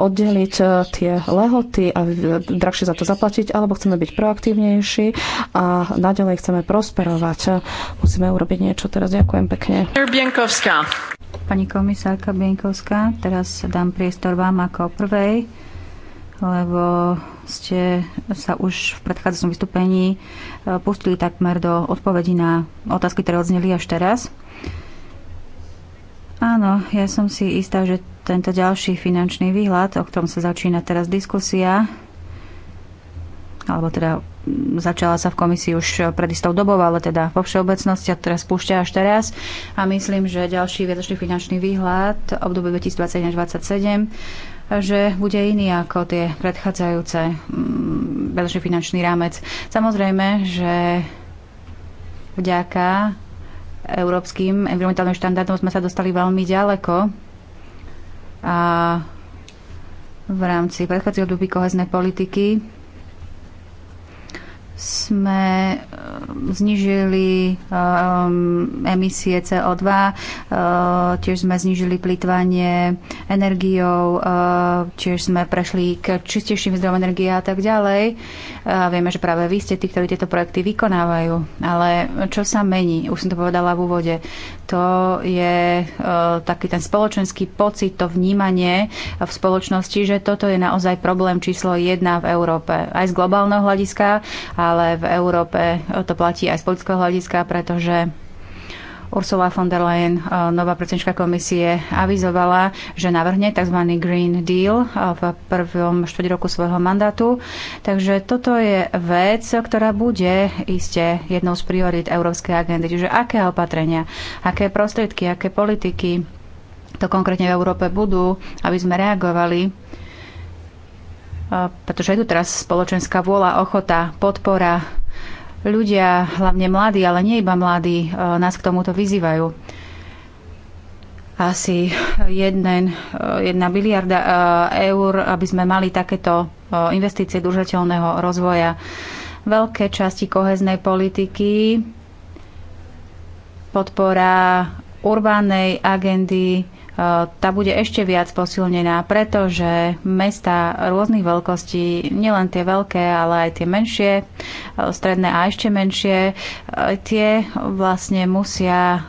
oddeliť tie lehoty a drahšie za to zaplatiť, alebo chceme byť proaktívnejší a naďalej chceme prosperovať, musíme urobiť niečo teraz. Ďakujem pekne. Pani komisárka Bienkovská, teraz dám priestor vám ako prvej lebo ste sa už v predchádzajúcom vystúpení e, pustili takmer do odpovedí na otázky, ktoré odzneli až teraz. Áno, ja som si istá, že tento ďalší finančný výhľad, o ktorom sa začína teraz diskusia, alebo teda začala sa v komisii už pred istou dobou, ale teda vo všeobecnosti a teraz spúšťa až teraz. A myslím, že ďalší viedočný finančný výhľad obdobie 2021-2027 že bude iný ako tie predchádzajúce mm, veľší finančný rámec. Samozrejme, že vďaka európskym environmentálnym štandardom sme sa dostali veľmi ďaleko a v rámci predchádzajúcej období kohezné politiky sme eh, znižili eh, emisie CO2, eh, tiež sme znižili plýtvanie energiou, tiež sme prešli k čistejším zdrojom energie a tak ďalej. A vieme, že práve vy ste tí, ktorí tieto projekty vykonávajú. Ale čo sa mení? Už som to povedala v úvode. To je taký ten spoločenský pocit, to vnímanie v spoločnosti, že toto je naozaj problém číslo jedna v Európe. Aj z globálneho hľadiska, ale v Európe to platí aj z politického hľadiska, pretože Ursula von der Leyen, e, nová predsednička komisie, avizovala, že navrhne tzv. Green Deal e, v prvom štvrť roku svojho mandátu. Takže toto je vec, ktorá bude iste jednou z priorit Európskej agendy. Čiže aké opatrenia, aké prostriedky, aké politiky to konkrétne v Európe budú, aby sme reagovali pretože je tu teraz spoločenská vôľa, ochota, podpora. Ľudia, hlavne mladí, ale nie iba mladí, e, nás k tomuto vyzývajú. Asi jeden, e, jedna biliarda e, eur, aby sme mali takéto investície držateľného rozvoja. Veľké časti koheznej politiky, podpora urbánej agendy, Eh, tá bude ešte viac posilnená, pretože mesta rôznych veľkostí, nielen tie veľké, ale aj tie menšie, eh, stredné a ešte menšie, eh, tie vlastne musia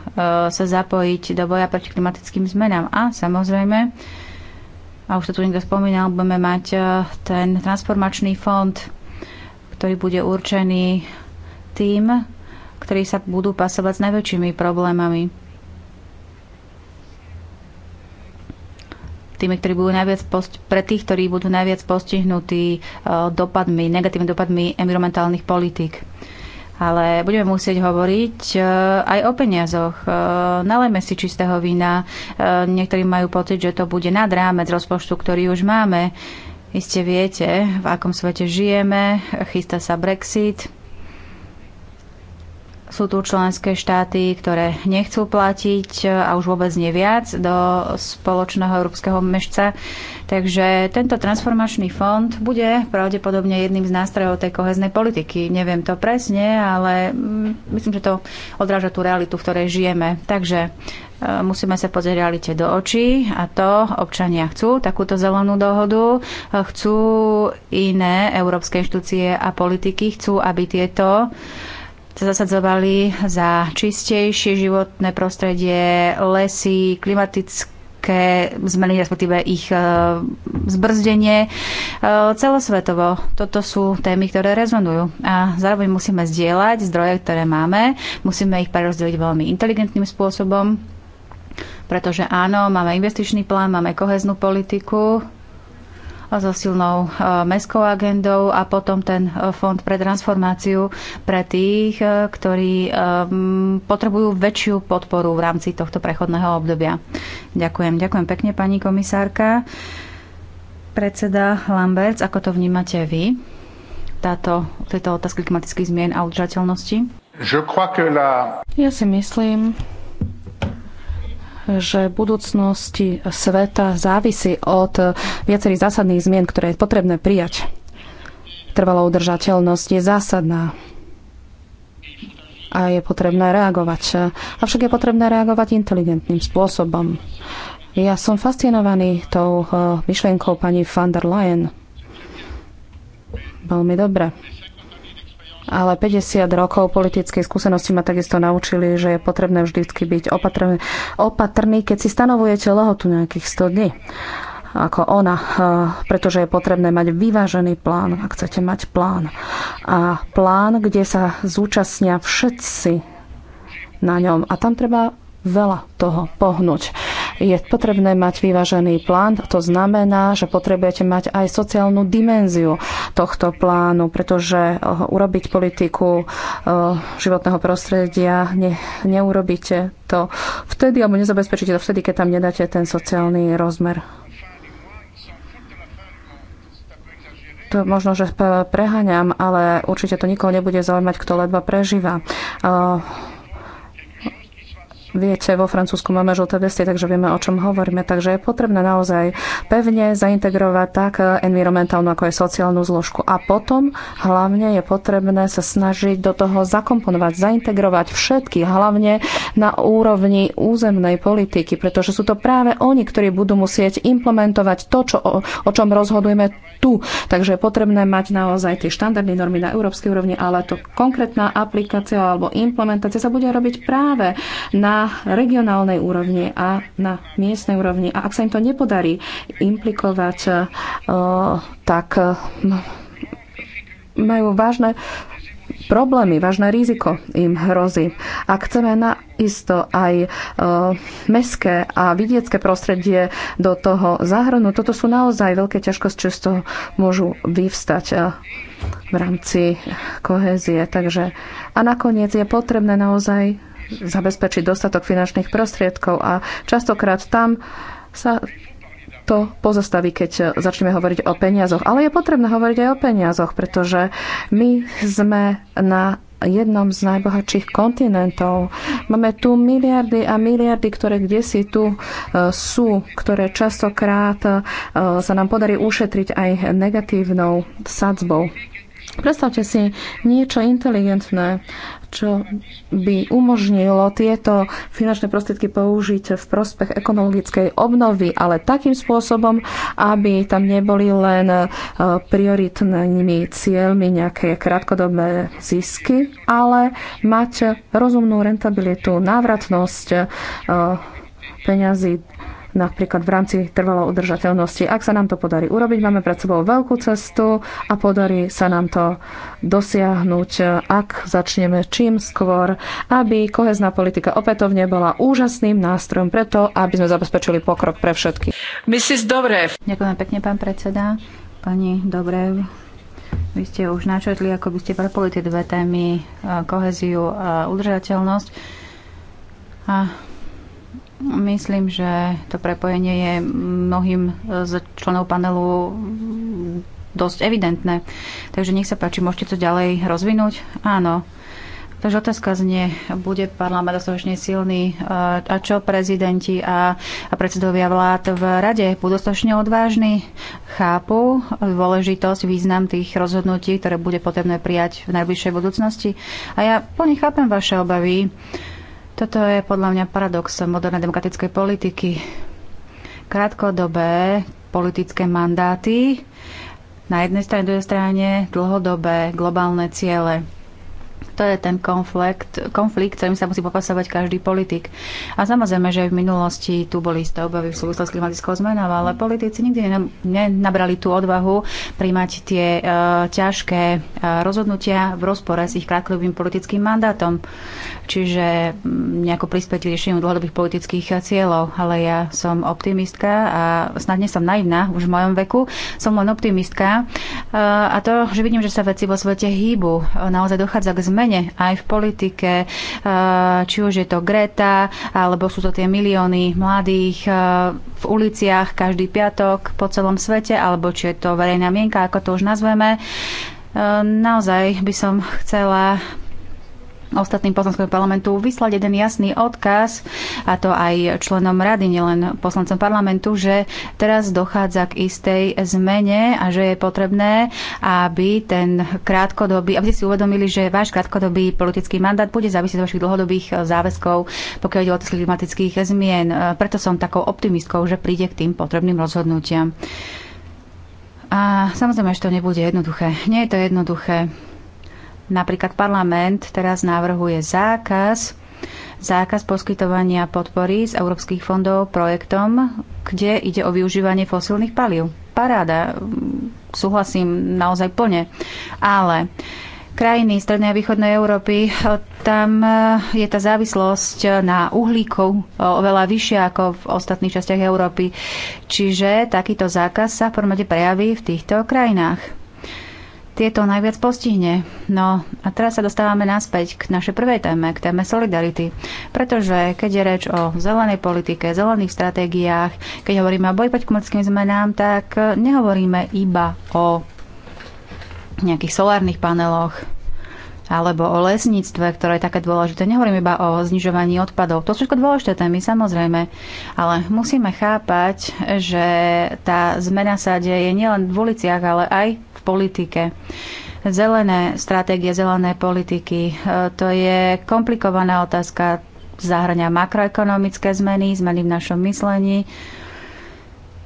sa zapojiť do boja proti klimatickým zmenám. A samozrejme, a už to tu niekto spomínal, budeme mať ten transformačný fond, ktorý bude určený tým, ktorí sa budú pasovať s najväčšími problémami tými, ktorí budú najviac post- pre tých, ktorí budú najviac postihnutí e, dopadmi, negatívnymi dopadmi environmentálnych politík. Ale budeme musieť hovoriť e, aj o peniazoch. E, nalejme si čistého vína. Niektorí majú pocit, že to bude nad rámec rozpočtu, ktorý už máme. Iste viete, v akom svete žijeme, chystá sa Brexit, sú tu členské štáty, ktoré nechcú platiť e, a už vôbec neviac do spoločného európskeho mešca. Takže tento transformačný fond bude pravdepodobne jedným z nástrojov tej koheznej politiky. Neviem to presne, ale mm, myslím, že to odráža tú realitu, v ktorej žijeme. Takže e, musíme sa pozrieť realite do očí a to občania chcú takúto zelenú dohodu, e, chcú iné európske inštitúcie a politiky, chcú, aby tieto uh, sa zasadzovali za čistejšie životné prostredie, lesy, klimatické zmeny, respektíve ich e, zbrzdenie e, celosvetovo. Toto sú témy, ktoré rezonujú. A zároveň musíme zdieľať zdroje, ktoré máme. Musíme ich prerozdeliť veľmi inteligentným spôsobom, pretože áno, máme investičný plán, máme koheznú politiku, so silnou e, mestskou agendou a potom ten e, fond pre transformáciu pre tých, e, ktorí potrebujú väčšiu podporu v rámci tohto prechodného obdobia. Ďakujem. Ďakujem pekne, pani komisárka. Predseda Lamberts, ako to vnímate vy? Táto, tieto otázky klimatických zmien a udržateľnosti? Ja si myslím, že budúcnosti sveta závisí od viacerých zásadných zmien, ktoré je potrebné prijať. Trvalá udržateľnosť je zásadná a je potrebné reagovať. Avšak je potrebné reagovať inteligentným spôsobom. Ja som fascinovaný tou eh, myšlienkou pani van der Leyen. Veľmi dobre ale 50 rokov politickej skúsenosti ma takisto naučili, že je potrebné vždy byť opatrný, opatrný keď si stanovujete lehotu nejakých 100 dní ako ona, eh, pretože je potrebné mať vyvážený plán, ak chcete mať plán. A plán, kde sa zúčastnia všetci na ňom. A tam treba veľa toho pohnúť je potrebné mať vyvážený plán. To znamená, že potrebujete mať aj sociálnu dimenziu tohto plánu, pretože eh, urobiť politiku eh, životného prostredia ne, neurobíte to vtedy, alebo nezabezpečíte to vtedy, keď tam nedáte ten sociálny rozmer. to možno, že eh, preháňam, ale určite to nikoho nebude zaujímať, kto ledva prežíva. Viete, vo Francúzsku máme žlté vesty, takže vieme, o čom hovoríme. Takže je potrebné naozaj pevne zaintegrovať tak environmentálnu, ako aj sociálnu zložku. A potom hlavne je potrebné sa snažiť do toho zakomponovať, zaintegrovať všetky, hlavne na úrovni územnej politiky, pretože sú to práve oni, ktorí budú musieť implementovať to, čo, o, o čom rozhodujeme tu. Takže je potrebné mať naozaj tie štandardné normy na európskej úrovni, ale to konkrétna aplikácia alebo implementácia sa bude robiť práve na na regionálnej úrovni a na miestnej úrovni. A ak sa im to nepodarí implikovať, eh, tak majú vážne problémy, vážne riziko im hrozí. Ak chceme naisto aj e, meské a vidiecké prostredie do toho zahrnúť, toto sú naozaj veľké ťažkosti, čo z toho môžu vyvstať e, v rámci kohézie. Takže, a nakoniec je potrebné naozaj zabezpečiť dostatok finančných prostriedkov a častokrát tam sa to pozastaví, keď začneme hovoriť o peniazoch. Ale je potrebné hovoriť aj o peniazoch, pretože my sme na jednom z najbohatších kontinentov. Máme tu miliardy a miliardy, ktoré kde si tu e, sú, ktoré častokrát e, sa nám podarí ušetriť aj negatívnou sadzbou. Predstavte si niečo inteligentné, čo by umožnilo tieto finančné prostriedky použiť v prospech ekonomickej obnovy, ale takým spôsobom, aby tam neboli len e, prioritnými cieľmi nejaké krátkodobé zisky, ale mať rozumnú rentabilitu, návratnosť e, peňazí napríklad v rámci trvalo udržateľnosti. Ak sa nám to podarí urobiť, máme pred sebou veľkú cestu a podarí sa nám to dosiahnuť, ak začneme čím skôr, aby kohezná politika opätovne bola úžasným nástrojom preto, aby sme zabezpečili pokrok pre všetky. Mrs. Dobrev. Ďakujem pekne, pán predseda. Pani Dobrev, vy ste už načetli, ako by ste prepolili tie dve témy, eh, koheziu a udržateľnosť. A Myslím, že to prepojenie je mnohým z členov panelu dosť evidentné. Takže nech sa páči, môžete to ďalej rozvinúť? Áno. Takže otázka znie, bude parlament dostatočne silný? A čo prezidenti a, a predsedovia vlád v rade? Budú dostatočne odvážni? Chápu dôležitosť, význam tých rozhodnutí, ktoré bude potrebné prijať v najbližšej budúcnosti? A ja plne chápem vaše obavy toto je podľa mňa paradox modernej demokratickej politiky. Krátkodobé politické mandáty, na jednej strane, druhej strane dlhodobé globálne ciele. To je ten konflikt, konflikt, ktorým sa musí popasovať každý politik. A samozrejme, že v minulosti tu boli isté obavy v súvislosti s klimatickou zmenou, ale politici nikdy nenabrali tú odvahu príjmať tie uh, ťažké uh, rozhodnutia v rozpore s ich krátkodobým politickým mandátom. Čiže mm, nejako prispieť riešeniu dlhodobých politických cieľov. Ale ja som optimistka a snadne som naivná už v mojom veku. Som len optimistka uh, a to, že vidím, že sa veci vo svete hýbu. Naozaj dochádza k zmene mene, aj v politike, eh, či už je to Greta, alebo sú to tie milióny mladých eh, v uliciach každý piatok po celom svete, alebo či je to verejná mienka, ako to už nazveme. Eh, naozaj by som chcela ostatným poslancom parlamentu vyslať jeden jasný odkaz, a to aj členom rady, nielen poslancom parlamentu, že teraz dochádza k istej zmene a že je potrebné, aby ten krátkodobý, aby ste si uvedomili, že váš krátkodobý politický mandát bude závisieť od vašich dlhodobých záväzkov, pokiaľ ide o klimatických zmien. Preto som takou optimistkou, že príde k tým potrebným rozhodnutiam. A samozrejme, že to nebude jednoduché. Nie je to jednoduché. Napríklad parlament teraz navrhuje zákaz zákaz poskytovania podpory z európskych fondov projektom, kde ide o využívanie fosílnych palív. Paráda, mm, súhlasím naozaj plne. Ale krajiny Strednej a Východnej Európy, eh, tam eh, je tá závislosť na uhlíku eh, oveľa vyššia ako v ostatných častiach Európy. Čiže takýto zákaz sa v prvom prejaví v týchto krajinách tieto najviac postihne. No a teraz sa dostávame naspäť k našej prvej téme, k téme solidarity. Pretože keď je reč o zelenej politike, zelených stratégiách, keď hovoríme o boji proti klimatickým zmenám, tak nehovoríme iba o nejakých solárnych paneloch, alebo o lesníctve, ktoré je také dôležité. Nehovorím iba o znižovaní odpadov. To sú všetko dôležité témy, samozrejme. Ale musíme chápať, že tá zmena sa deje nielen v uliciach, ale aj v politike. Zelené stratégie, zelené politiky, e, to je komplikovaná otázka. Zahrania makroekonomické zmeny, zmeny v našom myslení,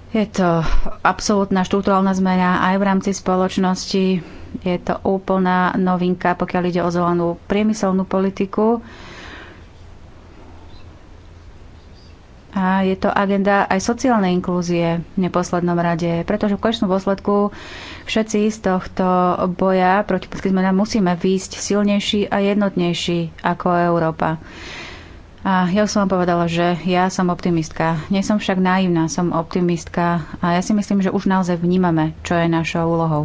je to absolútna štruktúrálna zmena aj v rámci spoločnosti. Je to úplná novinka, pokiaľ ide o zelenú priemyselnú politiku. A je to agenda aj sociálnej inklúzie v neposlednom rade, pretože v konečnom dôsledku všetci z tohto boja proti zmenám musíme výjsť silnejší a jednotnejší ako Európa. A ja som vám povedala, že ja som optimistka. Nie som však naivná, som optimistka a ja si myslím, že už naozaj vnímame, čo je našou úlohou.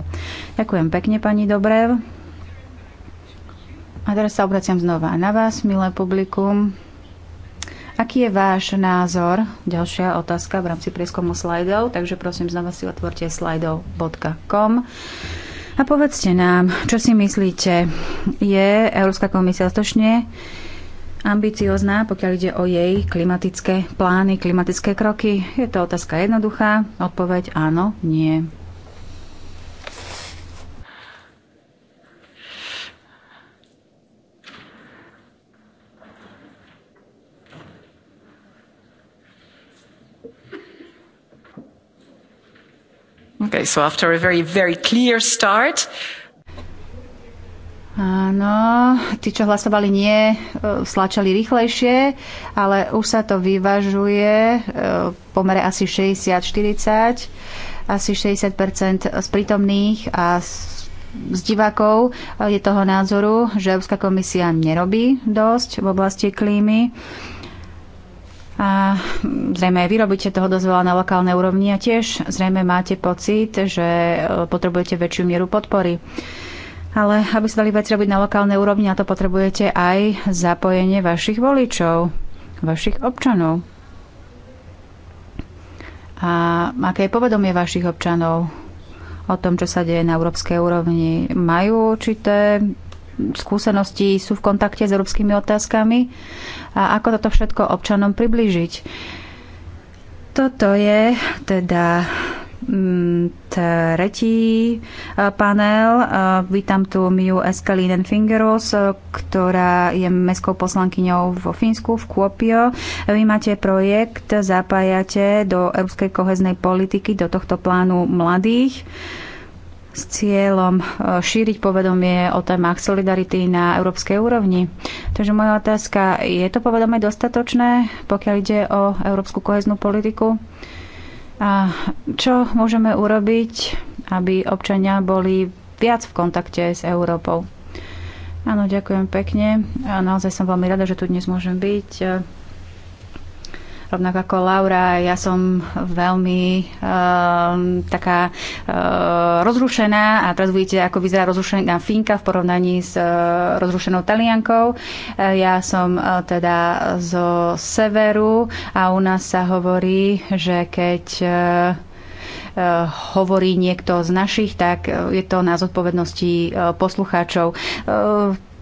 Ďakujem pekne, pani Dobrev. A teraz sa obraciam znova na vás, milé publikum. Aký je váš názor? Ďalšia otázka v rámci prieskumu slajdov, takže prosím znova si otvorte slajdov.com. A povedzte nám, čo si myslíte, je Európska komisia dostatočne ambiciozná, pokiaľ ide o jej klimatické plány, klimatické kroky? Je to otázka jednoduchá. Odpoveď áno, nie. Okay, so after a very, very clear start, Áno, tí, čo hlasovali nie, e, sláčali rýchlejšie, ale už sa to vyvažuje e, v pomere asi 60-40. Asi 60% z prítomných a z divákov e, je toho názoru, že Európska komisia nerobí dosť v oblasti klímy. A mm, zrejme aj vy robíte toho dosť veľa na lokálnej úrovni a tiež zrejme máte pocit, že potrebujete väčšiu mieru podpory. Ale aby sa dali veci robiť na lokálnej úrovni, na to potrebujete aj zapojenie vašich voličov, vašich občanov. A aké je povedomie vašich občanov o tom, čo sa deje na európskej úrovni? Majú určité skúsenosti, sú v kontakte s európskymi otázkami? A ako toto všetko občanom priblížiť? Toto je teda tretí e, panel. E, vítam tu Miu Eskalinen Fingeros, e, ktorá je mestskou poslankyňou vo Fínsku, v Kuopio. Vy máte projekt, zapájate do európskej koheznej politiky, do tohto plánu mladých s cieľom šíriť povedomie o témach solidarity na európskej úrovni. Takže moja otázka, je to povedomie dostatočné, pokiaľ ide o európsku koheznú politiku? A čo môžeme urobiť, aby občania boli viac v kontakte s Európou? Áno, ďakujem pekne. A naozaj som veľmi rada, že tu dnes môžem byť rovnako ako Laura, ja som veľmi um, taká uh, rozrušená a teraz vidíte, ako vyzerá rozrušená Finka v porovnaní s uh, rozrušenou Taliankou. Uh, ja som uh, teda zo severu a u nás sa hovorí, že keď uh, hovorí niekto z našich, tak je to na zodpovednosti poslucháčov.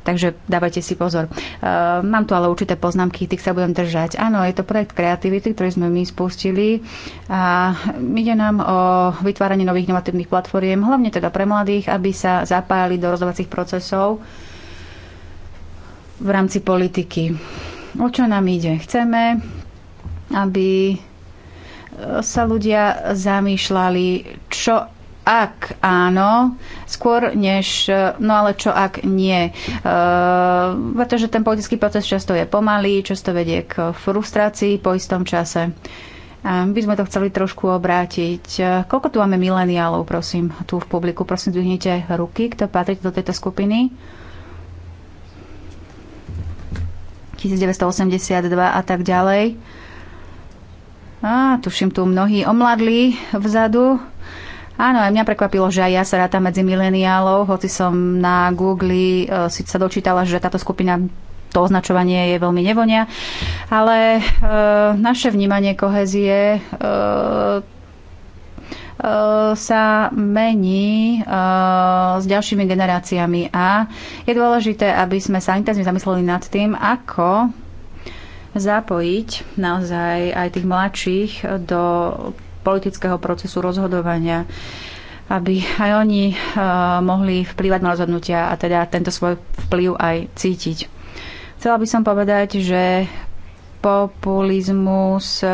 Takže dávajte si pozor. Uh, mám tu ale určité poznámky, tých sa budem držať. Áno, je to projekt kreativity, ktorý sme my spustili. A ide nám o vytváranie nových inovatívnych platform, hlavne teda pre mladých, aby sa zapájali do rozhodovacích procesov v rámci politiky. O čo nám ide? Chceme, aby sa ľudia zamýšľali, čo ak áno, skôr než, no ale čo ak nie. E, pretože ten politický proces často je pomalý, často vedie k frustrácii po istom čase. E, by sme to chceli trošku obrátiť. E, koľko tu máme mileniálov, prosím, tu v publiku? Prosím, zdvihnite ruky, kto patrí do tejto skupiny. 1982 a tak ďalej. A tuším tu mnohí omladli vzadu. Áno, aj mňa prekvapilo, že aj ja sa rátam medzi mileniálov, hoci som na Google e, si sa dočítala, že táto skupina to označovanie je veľmi nevonia, ale e, naše vnímanie kohezie e, e, sa mení e, s ďalšími generáciami a je dôležité, aby sme sa intenzívne zamysleli nad tým, ako zapojiť naozaj aj tých mladších do politického procesu rozhodovania aby aj oni eh, mohli vplývať na rozhodnutia a teda tento svoj vplyv aj cítiť. Chcela by som povedať, že populizmus eh,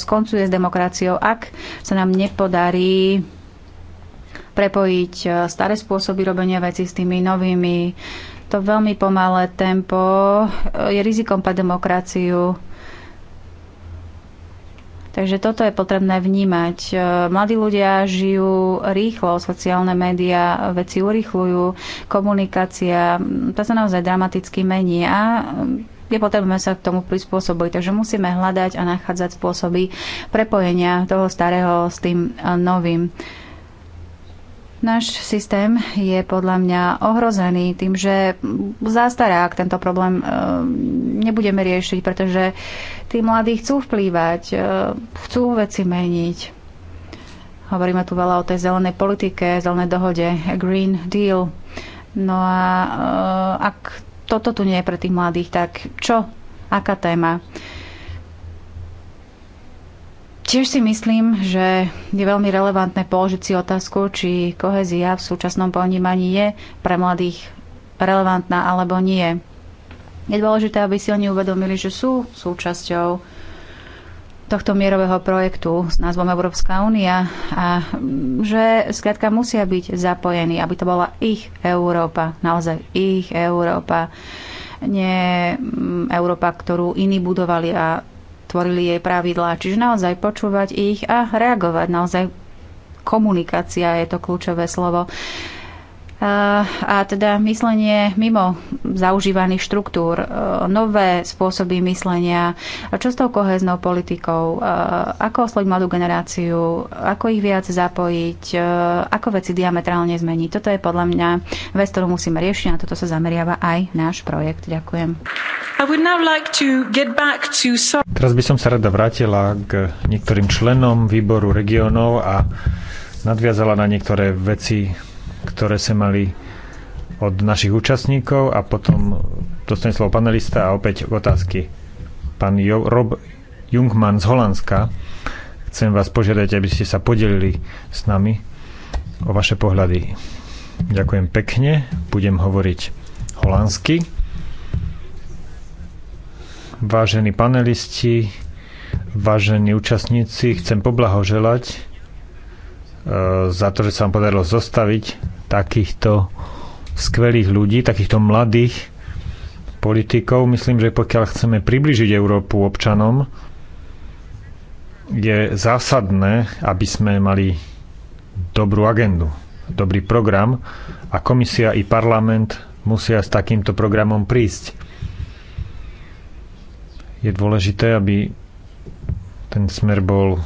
skoncuje s demokraciou, ak sa nám nepodarí prepojiť eh, staré spôsoby robenia veci s tými novými. To veľmi pomalé tempo je rizikom pre demokraciu. Takže toto je potrebné vnímať. E, mladí ľudia žijú rýchlo, sociálne médiá veci urýchľujú, komunikácia, to sa naozaj dramaticky mení a je potrebné sa k tomu prispôsobiť. Takže musíme hľadať a nachádzať spôsoby prepojenia toho starého s tým e, novým. Náš systém je podľa mňa ohrozený tým, že zastará, ak tento problém e, nebudeme riešiť, pretože tí mladí chcú vplývať, e, chcú veci meniť. Hovoríme tu veľa o tej zelenej politike, zelenej dohode, Green Deal. No a e, ak toto tu nie je pre tých mladých, tak čo? Aká téma? Tiež si myslím, že je veľmi relevantné položiť si otázku, či kohezia v súčasnom ponímaní je pre mladých relevantná alebo nie. Je dôležité, aby si oni uvedomili, že sú súčasťou tohto mierového projektu s názvom Európska únia a že skrátka musia byť zapojení, aby to bola ich Európa, naozaj ich Európa, nie mm, Európa, ktorú iní budovali a tvorili jej pravidlá. Čiže naozaj počúvať ich a reagovať. Naozaj komunikácia je to kľúčové slovo. A, eh, a teda myslenie mimo zaužívaných štruktúr, eh, nové spôsoby myslenia, čo s tou koheznou politikou, eh, ako osloviť mladú generáciu, ako ich viac zapojiť, ako veci diametrálne zmeniť. Toto je podľa mňa vec, ktorú musíme riešiť a toto sa zameriava aj náš projekt. Ďakujem. Teraz by som sa rada vrátila k niektorým členom výboru regionov a nadviazala na niektoré veci, ktoré sa mali od našich účastníkov a potom dostane slovo panelista a opäť otázky. Pán jo- Rob Jungman z Holandska, chcem vás požiadať, aby ste sa podelili s nami o vaše pohľady. Ďakujem pekne, budem hovoriť holandsky vážení panelisti, vážení účastníci, chcem poblahoželať e, za to, že sa vám podarilo zostaviť takýchto skvelých ľudí, takýchto mladých politikov. Myslím, že pokiaľ chceme približiť Európu občanom, je zásadné, aby sme mali dobrú agendu, dobrý program a komisia i parlament musia s takýmto programom prísť je dôležité, aby ten smer bol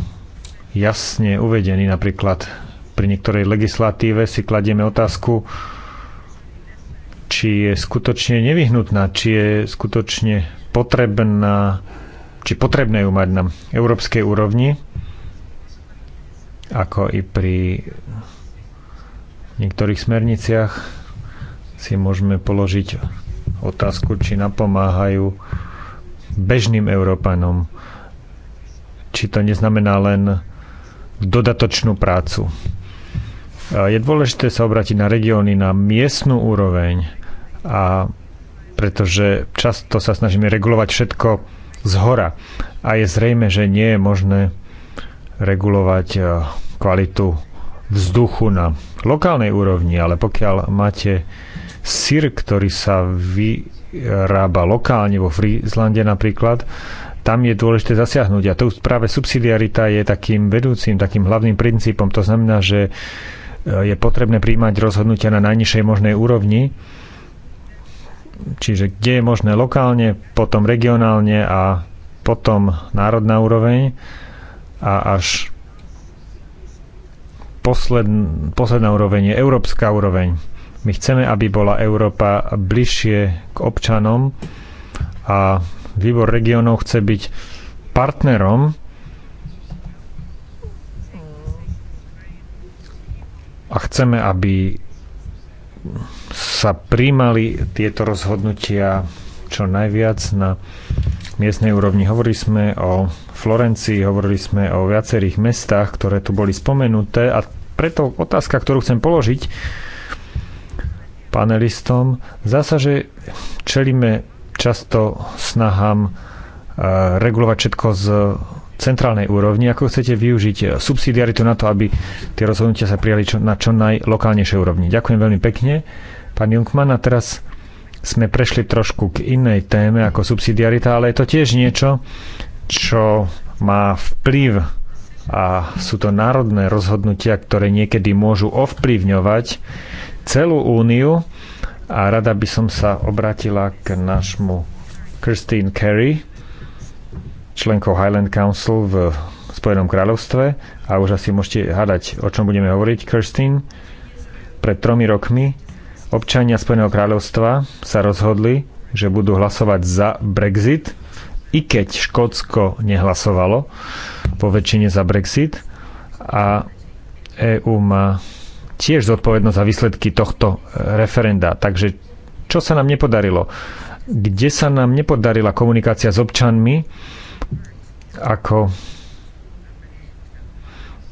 jasne uvedený. Napríklad pri niektorej legislatíve si kladieme otázku, či je skutočne nevyhnutná, či je skutočne potrebná, či potrebné ju mať na európskej úrovni, ako i pri niektorých smerniciach si môžeme položiť otázku, či napomáhajú bežným Európanom. Či to neznamená len dodatočnú prácu. Je dôležité sa obrátiť na regióny, na miestnú úroveň a pretože často sa snažíme regulovať všetko z hora a je zrejme, že nie je možné regulovať e, kvalitu vzduchu na lokálnej úrovni, ale pokiaľ máte sír, ktorý sa vy, vyrába lokálne vo Frizlande napríklad, tam je dôležité zasiahnuť. A to práve subsidiarita je takým vedúcim, takým hlavným princípom. To znamená, že e, je potrebné príjmať rozhodnutia na najnižšej možnej úrovni, čiže kde je možné lokálne, potom regionálne a potom národná úroveň a až posledn, posledná úroveň je európska úroveň. My chceme, aby bola Európa bližšie k občanom a výbor regionov chce byť partnerom a chceme, aby sa príjmali tieto rozhodnutia čo najviac na miestnej úrovni. Hovorili sme o Florencii, hovorili sme o viacerých mestách, ktoré tu boli spomenuté a preto otázka, ktorú chcem položiť, panelistom. Zdá sa, že čelíme často snahám e, regulovať všetko z centrálnej úrovni, ako chcete využiť e, subsidiaritu na to, aby tie rozhodnutia sa prijali čo, na čo najlokálnejšej úrovni. Ďakujem veľmi pekne, pán Junkman. A teraz sme prešli trošku k inej téme ako subsidiarita, ale je to tiež niečo, čo má vplyv a sú to národné rozhodnutia, ktoré niekedy môžu ovplyvňovať celú úniu a rada by som sa obratila k nášmu Christine Carey, členkou Highland Council v Spojenom kráľovstve a už asi môžete hádať, o čom budeme hovoriť, Christine, Pred tromi rokmi občania Spojeného kráľovstva sa rozhodli, že budú hlasovať za Brexit, i keď Škótsko nehlasovalo po väčšine za Brexit a EU má tiež zodpovednosť za výsledky tohto e, referenda. Takže čo sa nám nepodarilo? Kde sa nám nepodarila komunikácia s občanmi? Ako,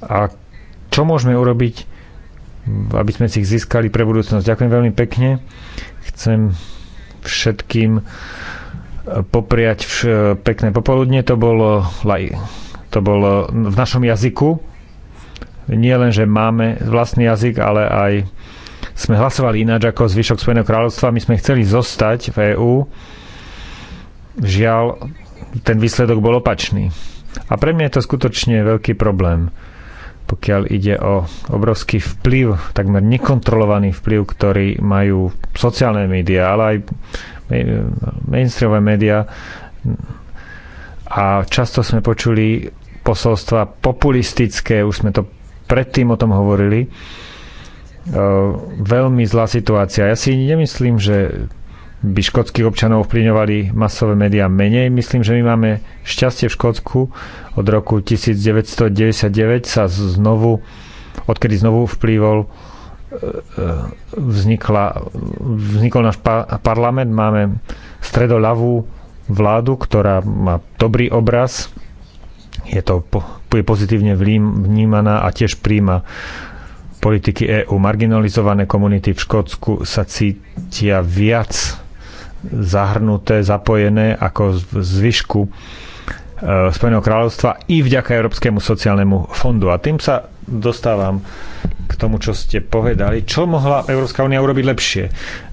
a čo môžeme urobiť, aby sme si ich získali pre budúcnosť? Ďakujem veľmi pekne. Chcem všetkým e, popriať vš- e, pekné popoludne. To bolo, to bolo v našom jazyku nie len, že máme vlastný jazyk, ale aj sme hlasovali ináč ako zvyšok Spojeného kráľovstva. My sme chceli zostať v EÚ. Žiaľ, ten výsledok bol opačný. A pre mňa je to skutočne veľký problém, pokiaľ ide o obrovský vplyv, takmer nekontrolovaný vplyv, ktorý majú sociálne médiá, ale aj mainstreamové médiá. A často sme počuli posolstva populistické, už sme to predtým o tom hovorili. E, veľmi zlá situácia. Ja si nemyslím, že by škótskych občanov ovplyvňovali masové médiá menej. Myslím, že my máme šťastie v Škótsku. Od roku 1999 sa znovu, odkedy znovu vplyvol, e, e, vznikla, vznikol náš parlament. Máme stredoľavú vládu, ktorá má dobrý obraz je to je pozitívne vnímaná a tiež príjma politiky EÚ. Marginalizované komunity v Škótsku sa cítia viac zahrnuté, zapojené ako zvyšku e, Spojeného kráľovstva i vďaka Európskemu sociálnemu fondu. A tým sa dostávam k tomu, čo ste povedali. Čo mohla Európska únia urobiť lepšie?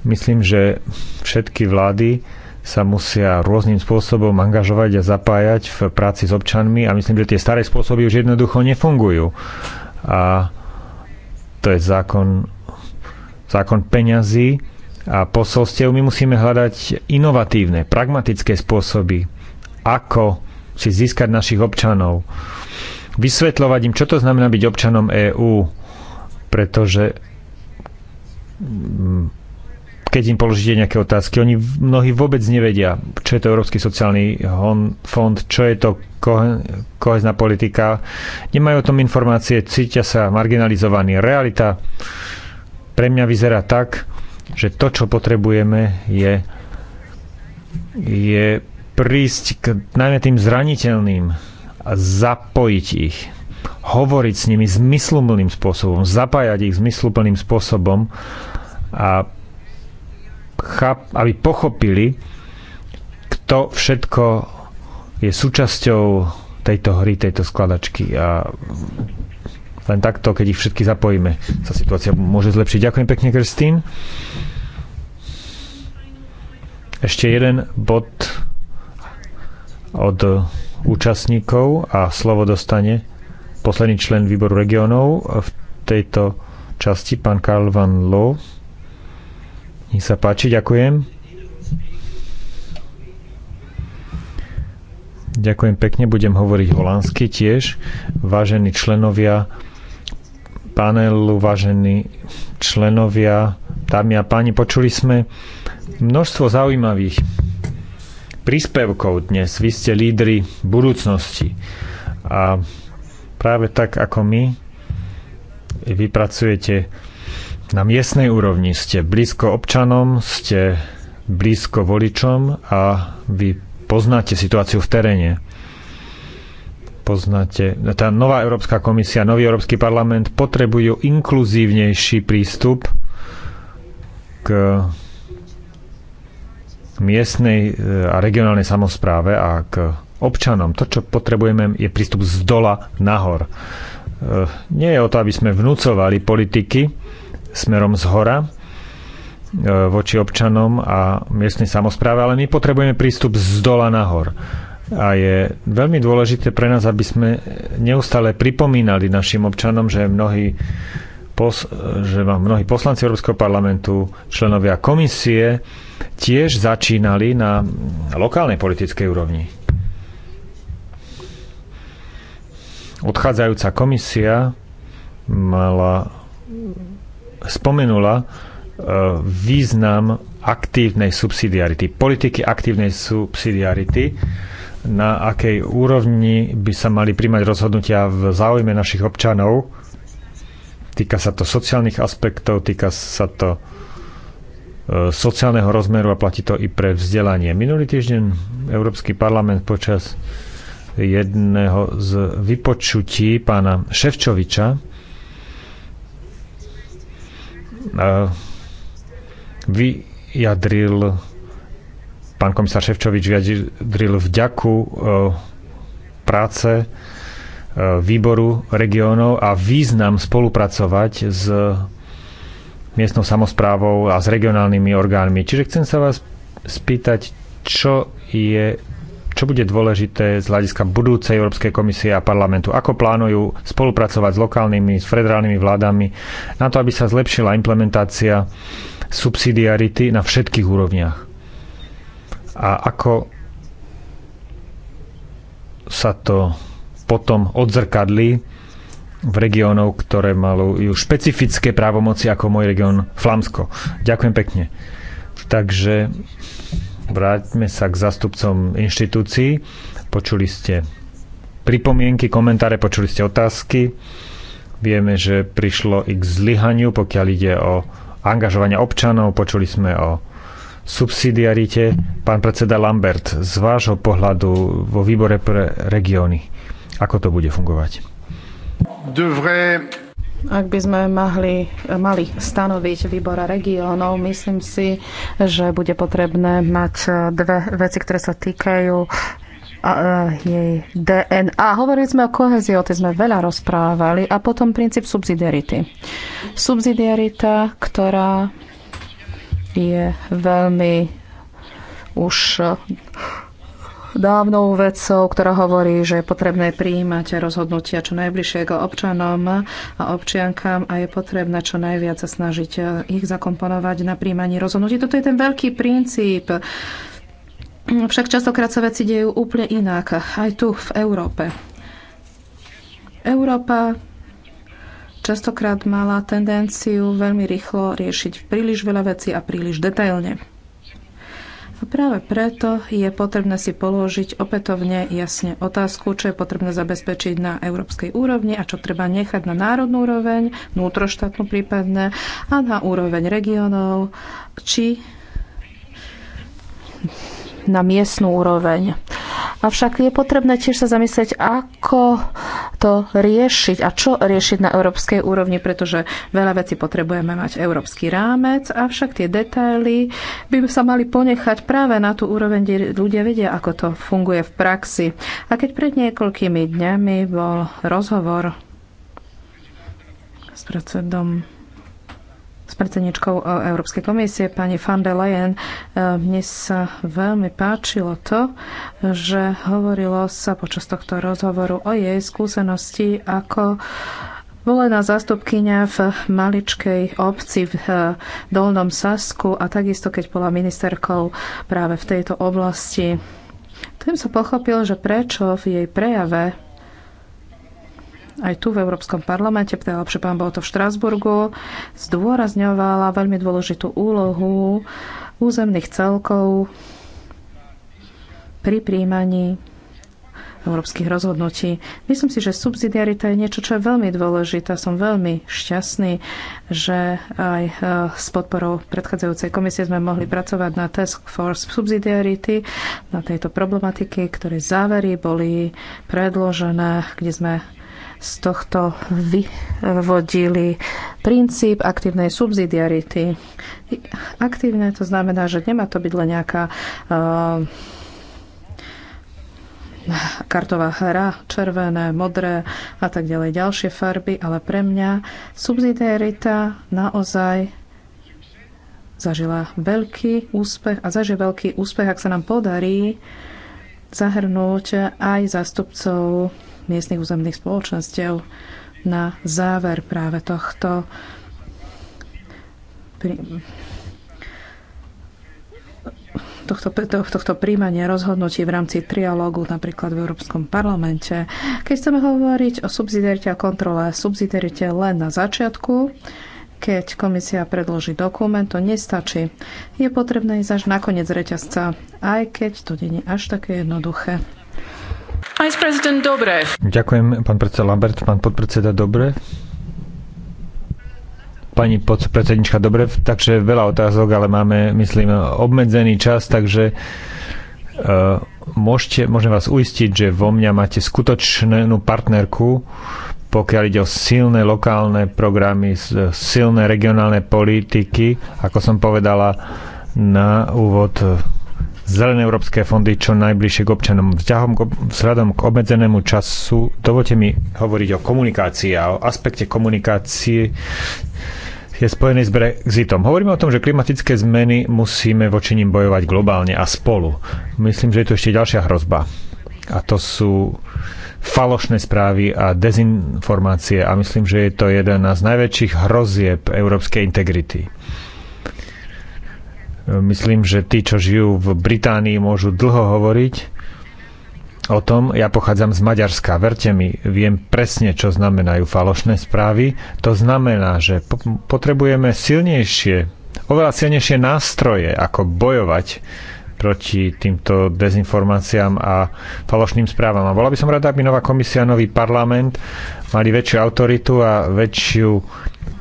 Myslím, že všetky vlády sa musia rôznym spôsobom angažovať a zapájať v práci s občanmi a myslím, že tie staré spôsoby už jednoducho nefungujú. A to je zákon, zákon peňazí a posolstiev. My musíme hľadať inovatívne, pragmatické spôsoby, ako si získať našich občanov. Vysvetľovať im, čo to znamená byť občanom EÚ, pretože mm, keď im položíte nejaké otázky. Oni mnohí vôbec nevedia, čo je to Európsky sociálny fond, čo je to kohezná politika. Nemajú o tom informácie, cítia sa marginalizovaní. Realita pre mňa vyzerá tak, že to, čo potrebujeme, je, je prísť k najmä tým zraniteľným a zapojiť ich. Hovoriť s nimi zmysluplným spôsobom, zapájať ich zmysluplným spôsobom a cháp, aby pochopili, kto všetko je súčasťou tejto hry, tejto skladačky. A len takto, keď ich všetky zapojíme, sa situácia môže zlepšiť. Ďakujem pekne, Kristín. Ešte jeden bod od účastníkov a slovo dostane posledný člen výboru regionov v tejto časti, pán Karl van Loo. Nech sa páči, ďakujem. Ďakujem pekne, budem hovoriť holandsky tiež. Vážení členovia panelu, vážení členovia, dámy a páni, počuli sme množstvo zaujímavých príspevkov dnes. Vy ste lídry budúcnosti. A práve tak ako my, vypracujete na miestnej úrovni ste blízko občanom, ste blízko voličom a vy poznáte situáciu v teréne. Poznáte, tá nová Európska komisia, nový Európsky parlament potrebujú inkluzívnejší prístup k miestnej e, a regionálnej samozpráve a k občanom. To, čo potrebujeme, je prístup z dola nahor. E, nie je o to, aby sme vnúcovali politiky, smerom z hora e, voči občanom a miestnej samozpráve, ale my potrebujeme prístup z dola nahor. A je veľmi dôležité pre nás, aby sme neustále pripomínali našim občanom, že mnohí, pos, že mnohí poslanci Európskeho parlamentu, členovia komisie tiež začínali na lokálnej politickej úrovni. Odchádzajúca komisia mala spomenula e, význam aktívnej subsidiarity, politiky aktívnej subsidiarity, na akej úrovni by sa mali príjmať rozhodnutia v záujme našich občanov. Týka sa to sociálnych aspektov, týka sa to e, sociálneho rozmeru a platí to i pre vzdelanie. Minulý týždeň Európsky parlament počas jedného z vypočutí pána Ševčoviča vyjadril pán komisár Ševčovič vyjadril vďaku e, práce e, výboru regionov a význam spolupracovať s miestnou samozprávou a s regionálnymi orgánmi. Čiže chcem sa vás spýtať, čo je čo bude dôležité z hľadiska budúcej Európskej komisie a parlamentu? Ako plánujú spolupracovať s lokálnymi, s federálnymi vládami na to, aby sa zlepšila implementácia subsidiarity na všetkých úrovniach? A ako sa to potom odzrkadli v regiónoch, ktoré mali špecifické právomoci ako môj región Flamsko. Ďakujem pekne. Takže Vráťme sa k zastupcom inštitúcií. Počuli ste pripomienky, komentáre, počuli ste otázky. Vieme, že prišlo i k zlyhaniu, pokiaľ ide o angažovanie občanov, počuli sme o subsidiarite. Pán predseda Lambert, z vášho pohľadu vo výbore pre regióny, ako to bude fungovať? Devrait ak by sme mali, mali stanoviť výbora regiónov, myslím si, že bude potrebné mať e, dve veci, ktoré sa týkajú e, jej DNA. Hovorili sme o kohezii, o tej sme veľa rozprávali a potom princíp subsidiarity. Subsidiarita, ktorá je veľmi už dávnou vecou, ktorá hovorí, že je potrebné prijímať rozhodnutia čo najbližšie k občanom a občiankám a je potrebné čo najviac sa snažiť ich zakomponovať na príjmaní rozhodnutí. Toto je ten veľký princíp. Však častokrát sa veci dejú úplne inak, aj tu v Európe. Európa častokrát mala tendenciu veľmi rýchlo riešiť príliš veľa vecí a príliš detailne. A práve preto je potrebné si položiť opätovne jasne otázku, čo je potrebné zabezpečiť na európskej úrovni a čo treba nechať na národnú úroveň, vnútroštátnu prípadne a na úroveň regionov, či na miestnú úroveň. Avšak je potrebné tiež sa zamyslieť, ako to riešiť a čo riešiť na európskej úrovni, pretože veľa vecí potrebujeme mať európsky rámec, avšak tie detaily by sa mali ponechať práve na tú úroveň, kde ľudia vedia, ako to funguje v praxi. A keď pred niekoľkými dňami bol rozhovor s predsedom s predsedničkou e, Európskej komisie, pani van der Leyen. E, mne sa veľmi páčilo to, že hovorilo sa počas tohto rozhovoru o jej skúsenosti ako volená zástupkynia v maličkej obci v e, Dolnom Sasku a takisto keď bola ministerkou práve v tejto oblasti. Tým som pochopil, že prečo v jej prejave aj tu v Európskom parlamente, lepšie pán bol to v Štrásburgu, zdôrazňovala veľmi dôležitú úlohu územných celkov pri príjmaní európskych rozhodnutí. Myslím si, že subsidiarita je niečo, čo je veľmi dôležité. Som veľmi šťastný, že aj e, s podporou predchádzajúcej komisie sme mohli pracovať na Task Force Subsidiarity, na tejto problematiky, ktoré závery boli predložené, kde sme z tohto vyvodili princíp aktívnej subsidiarity. Aktívne to znamená, že nemá to byť len nejaká uh, kartová hra, červené, modré a tak ďalej, ďalšie farby, ale pre mňa subsidiarita naozaj zažila veľký úspech a zažije veľký úspech, ak sa nám podarí zahrnúť aj zástupcov miestnych územných spoločenstiev na záver práve tohto tohto, tohto príjmania rozhodnutí v rámci trialógu napríklad v Európskom parlamente. Keď chceme hovoriť o subsidiarite a kontrole, subsidiarite len na začiatku, keď komisia predloží dokument, to nestačí. Je potrebné ísť až nakoniec reťazca, aj keď to nie je až také jednoduché. Vice President Ďakujem, pán predseda Lambert, pán podpredseda Dobrev. Pani podpredsednička Dobrev, takže veľa otázok, ale máme, myslím, obmedzený čas, takže uh, môžete, môžem vás uistiť, že vo mňa máte skutočnú partnerku, pokiaľ ide o silné lokálne programy, silné regionálne politiky, ako som povedala na úvod zelené európske fondy čo najbližšie k občanom. Vzťahom k, vzhľadom k obmedzenému času dovolte mi hovoriť o komunikácii a o aspekte komunikácie je spojený s Brexitom. Hovoríme o tom, že klimatické zmeny musíme voči nim bojovať globálne a spolu. Myslím, že je tu ešte ďalšia hrozba. A to sú falošné správy a dezinformácie. A myslím, že je to jeden z najväčších hrozieb európskej integrity. Myslím, že tí, čo žijú v Británii, môžu dlho hovoriť o tom. Ja pochádzam z Maďarska. Verte mi, viem presne, čo znamenajú falošné správy. To znamená, že potrebujeme silnejšie, oveľa silnejšie nástroje, ako bojovať proti týmto dezinformáciám a falošným správam. A bola by som rada, aby nová komisia, nový parlament mali väčšiu autoritu a väčšiu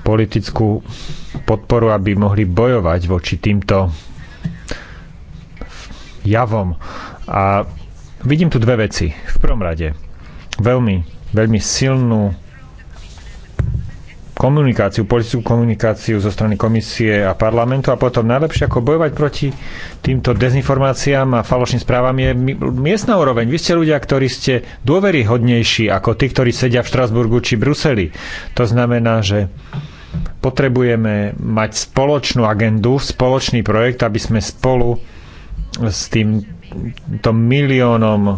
politickú podporu, aby mohli bojovať voči týmto javom. A vidím tu dve veci. V prvom rade veľmi, veľmi silnú komunikáciu, politickú komunikáciu zo strany komisie a parlamentu a potom najlepšie ako bojovať proti týmto dezinformáciám a falošným správam je miestna úroveň. Vy ste ľudia, ktorí ste dôveryhodnejší ako tí, ktorí sedia v Štrasburgu či Bruseli. To znamená, že Potrebujeme mať spoločnú agendu, spoločný projekt, aby sme spolu s týmto miliónom e,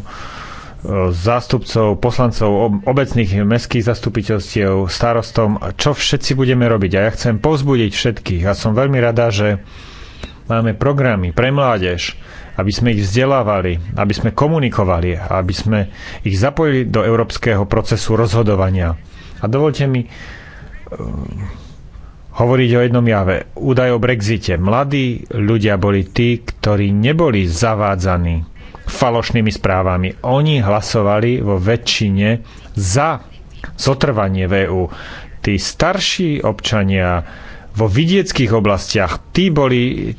zástupcov, poslancov obecných mestských zastupiteľstiev, starostom, čo všetci budeme robiť. A ja chcem povzbudiť všetkých a som veľmi rada, že máme programy pre mládež, aby sme ich vzdelávali, aby sme komunikovali, aby sme ich zapojili do európskeho procesu rozhodovania. A dovolte mi Ehm, hovoriť o jednom jave. Údaj o Brexite. Mladí ľudia boli tí, ktorí neboli zavádzaní falošnými správami. Oni hlasovali vo väčšine za zotrvanie VÚ. E tí starší občania vo vidieckých oblastiach, tí boli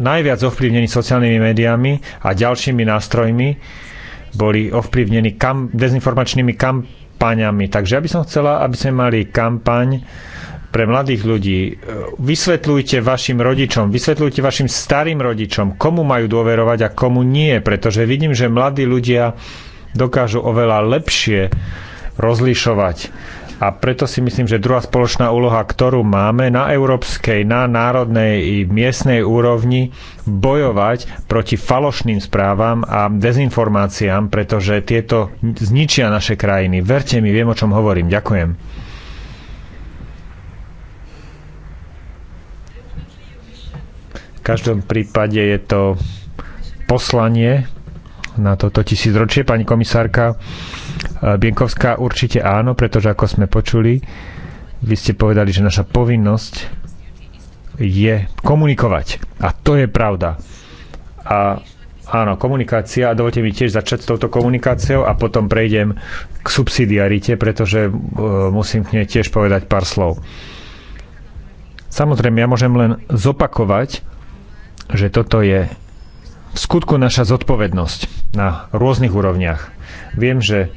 najviac ovplyvnení sociálnymi médiami a ďalšími nástrojmi, boli ovplyvnení kam, dezinformačnými kampaniami kampaňami. Takže ja by som chcela, aby sme mali kampaň pre mladých ľudí. Vysvetľujte vašim rodičom, vysvetľujte vašim starým rodičom, komu majú dôverovať a komu nie, pretože vidím, že mladí ľudia dokážu oveľa lepšie rozlišovať a preto si myslím, že druhá spoločná úloha, ktorú máme na európskej, na národnej i miestnej úrovni, bojovať proti falošným správam a dezinformáciám, pretože tieto zničia naše krajiny. Verte mi, viem, o čom hovorím. Ďakujem. V každom prípade je to poslanie na toto tisícročie? Pani komisárka e, Bienkovská určite áno, pretože ako sme počuli, vy ste povedali, že naša povinnosť je komunikovať. A to je pravda. A áno, komunikácia, a dovolte mi tiež začať s touto komunikáciou a potom prejdem k subsidiarite, pretože uh, musím k nej tiež povedať pár slov. Samozrejme, ja môžem len zopakovať, že toto je v skutku naša zodpovednosť na rôznych úrovniach. Viem, že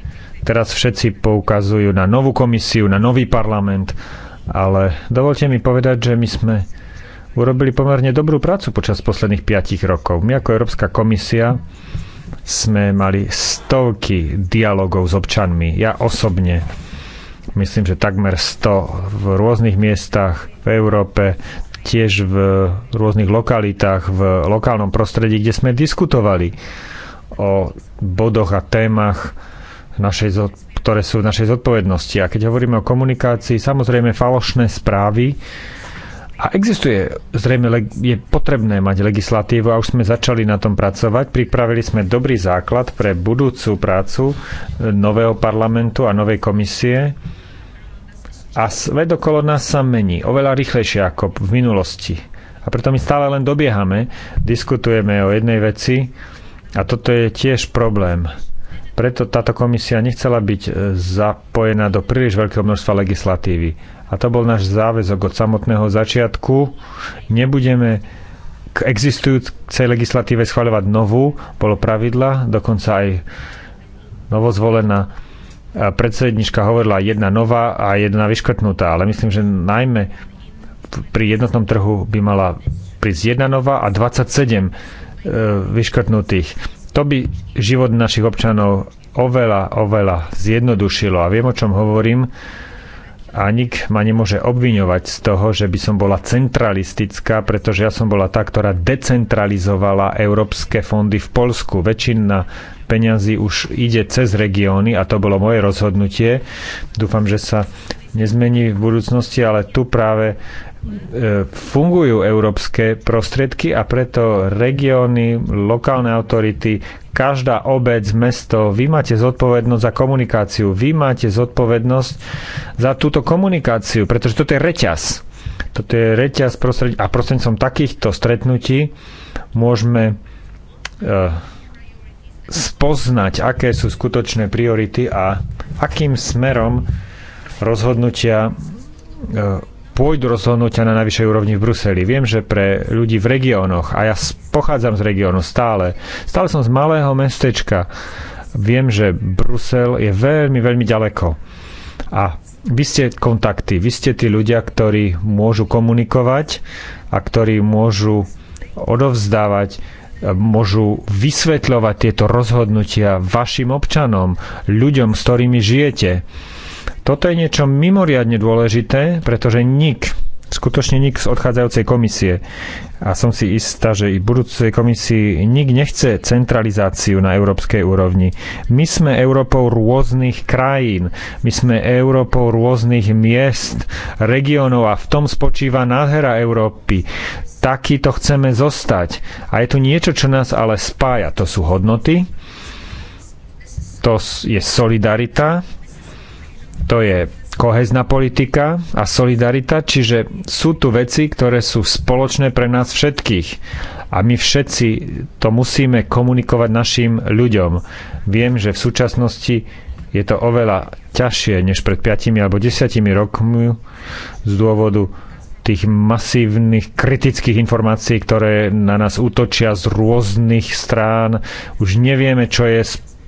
teraz všetci poukazujú na novú komisiu, na nový parlament, ale dovolte mi povedať, že my sme urobili pomerne dobrú prácu počas posledných 5 rokov. My ako Európska komisia sme mali stovky dialogov s občanmi. Ja osobne myslím, že takmer 100 v rôznych miestach v Európe tiež v rôznych lokalitách, v lokálnom prostredí, kde sme diskutovali o bodoch a témach, našej, ktoré sú v našej zodpovednosti. A keď hovoríme o komunikácii, samozrejme falošné správy, a existuje, zrejme je potrebné mať legislatívu a už sme začali na tom pracovať. Pripravili sme dobrý základ pre budúcu prácu nového parlamentu a novej komisie a svet okolo nás sa mení oveľa rýchlejšie ako v minulosti. A preto my stále len dobiehame, diskutujeme o jednej veci a toto je tiež problém. Preto táto komisia nechcela byť e, zapojená do príliš veľkého množstva legislatívy. A to bol náš záväzok od samotného začiatku. Nebudeme k existujúcej legislatíve schváľovať novú, bolo pravidla, dokonca aj novozvolená predsednička hovorila jedna nová a jedna vyškrtnutá, ale myslím, že najmä pri jednotnom trhu by mala prísť jedna nová a 27 e, vyškrtnutých. To by život našich občanov oveľa, oveľa zjednodušilo. A viem, o čom hovorím, a nik ma nemôže obviňovať z toho, že by som bola centralistická, pretože ja som bola tá, ktorá decentralizovala európske fondy v Polsku. Väčšina peňazí už ide cez regióny a to bolo moje rozhodnutie. Dúfam, že sa nezmení v budúcnosti, ale tu práve E, fungujú európske prostriedky a preto regióny, lokálne autority, každá obec, mesto, vy máte zodpovednosť za komunikáciu, vy máte zodpovednosť za túto komunikáciu, pretože toto je reťaz. Toto je reťaz prostred... a prostredníctvom takýchto stretnutí môžeme uh, spoznať, aké sú skutočné priority a akým smerom rozhodnutia uh, pôjdu rozhodnutia na najvyššej úrovni v Bruseli. Viem, že pre ľudí v regiónoch, a ja pochádzam z regiónu stále, stále som z malého mestečka, viem, že Brusel je veľmi, veľmi ďaleko. A vy ste kontakty, vy ste tí ľudia, ktorí môžu komunikovať a ktorí môžu odovzdávať môžu vysvetľovať tieto rozhodnutia vašim občanom, ľuďom, s ktorými žijete toto je niečo mimoriadne dôležité, pretože nik, skutočne nik z odchádzajúcej komisie, a som si istá, že i v budúcej komisii nik nechce centralizáciu na európskej úrovni. My sme Európou rôznych krajín, my sme Európou rôznych miest, regiónov a v tom spočíva nádhera Európy. Takýto chceme zostať. A je tu niečo, čo nás ale spája. To sú hodnoty, to je solidarita, to je kohezná politika a solidarita, čiže sú tu veci, ktoré sú spoločné pre nás všetkých. A my všetci to musíme komunikovať našim ľuďom. Viem, že v súčasnosti je to oveľa ťažšie než pred 5 alebo 10 rokmi z dôvodu tých masívnych kritických informácií, ktoré na nás útočia z rôznych strán. Už nevieme, čo je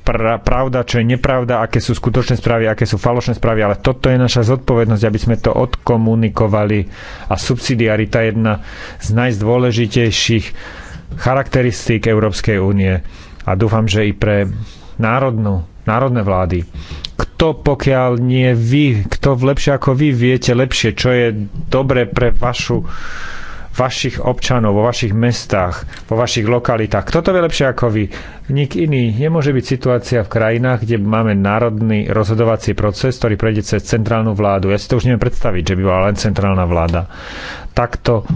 pra, pravda, čo je nepravda, aké sú skutočné správy, aké sú falošné správy, ale toto je naša zodpovednosť, aby sme to odkomunikovali. A subsidiarita je jedna z najdôležitejších charakteristík Európskej únie a dúfam, že i pre národnú, národné vlády. Kto pokiaľ nie vy, kto lepšie ako vy viete lepšie, čo je dobre pre vašu vašich občanov, vo vašich mestách, vo vašich lokalitách. Kto to vie lepšie ako vy? Nik iný. Nemôže byť situácia v krajinách, kde máme národný rozhodovací proces, ktorý prejde cez centrálnu vládu. Ja si to už neviem predstaviť, že by bola len centrálna vláda. Takto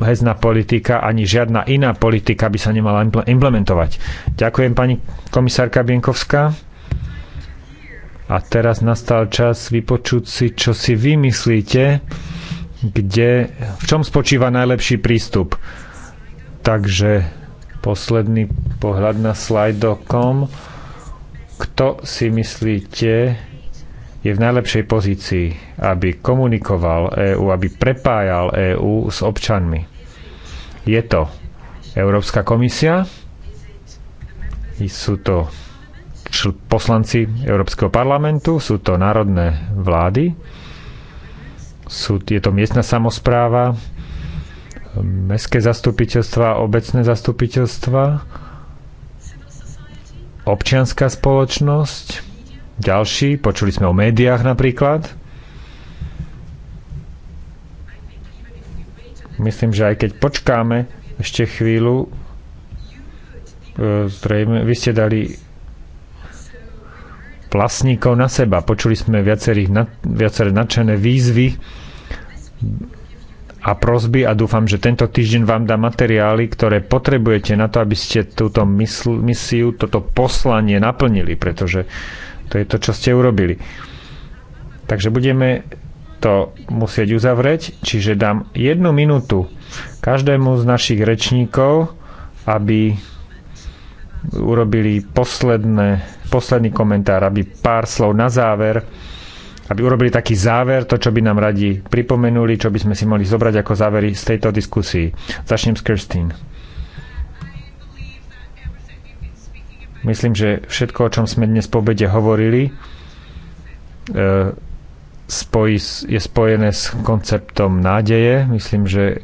hezná politika, ani žiadna iná politika by sa nemala implementovať. Ďakujem pani komisárka Bienkovská. A teraz nastal čas vypočuť si, čo si vymyslíte kde, v čom spočíva najlepší prístup. Takže posledný pohľad na slajdokom. Kto si myslíte, je v najlepšej pozícii, aby komunikoval EÚ, aby prepájal EÚ s občanmi. Je to Európska komisia, sú to poslanci Európskeho parlamentu, sú to národné vlády, sú, je to miestna samozpráva, mestské zastupiteľstva, obecné zastupiteľstva, občianská spoločnosť, ďalší, počuli sme o médiách napríklad. Myslím, že aj keď počkáme ešte chvíľu, e, zrejme, vy ste dali vlastníkov na seba. Počuli sme viacerých, viaceré nadšené výzvy, a prosby a dúfam, že tento týždeň vám dá materiály, ktoré potrebujete na to, aby ste túto mysl, misiu, toto poslanie naplnili, pretože to je to, čo ste urobili. Takže budeme to musieť uzavrieť, čiže dám jednu minútu každému z našich rečníkov, aby urobili posledné, posledný komentár, aby pár slov na záver aby urobili taký záver, to, čo by nám radi pripomenuli, čo by sme si mohli zobrať ako závery z tejto diskusii. Začnem s Kirstín. Myslím, že všetko, o čom sme dnes po obede hovorili, e, spojí, je spojené s konceptom nádeje. Myslím, že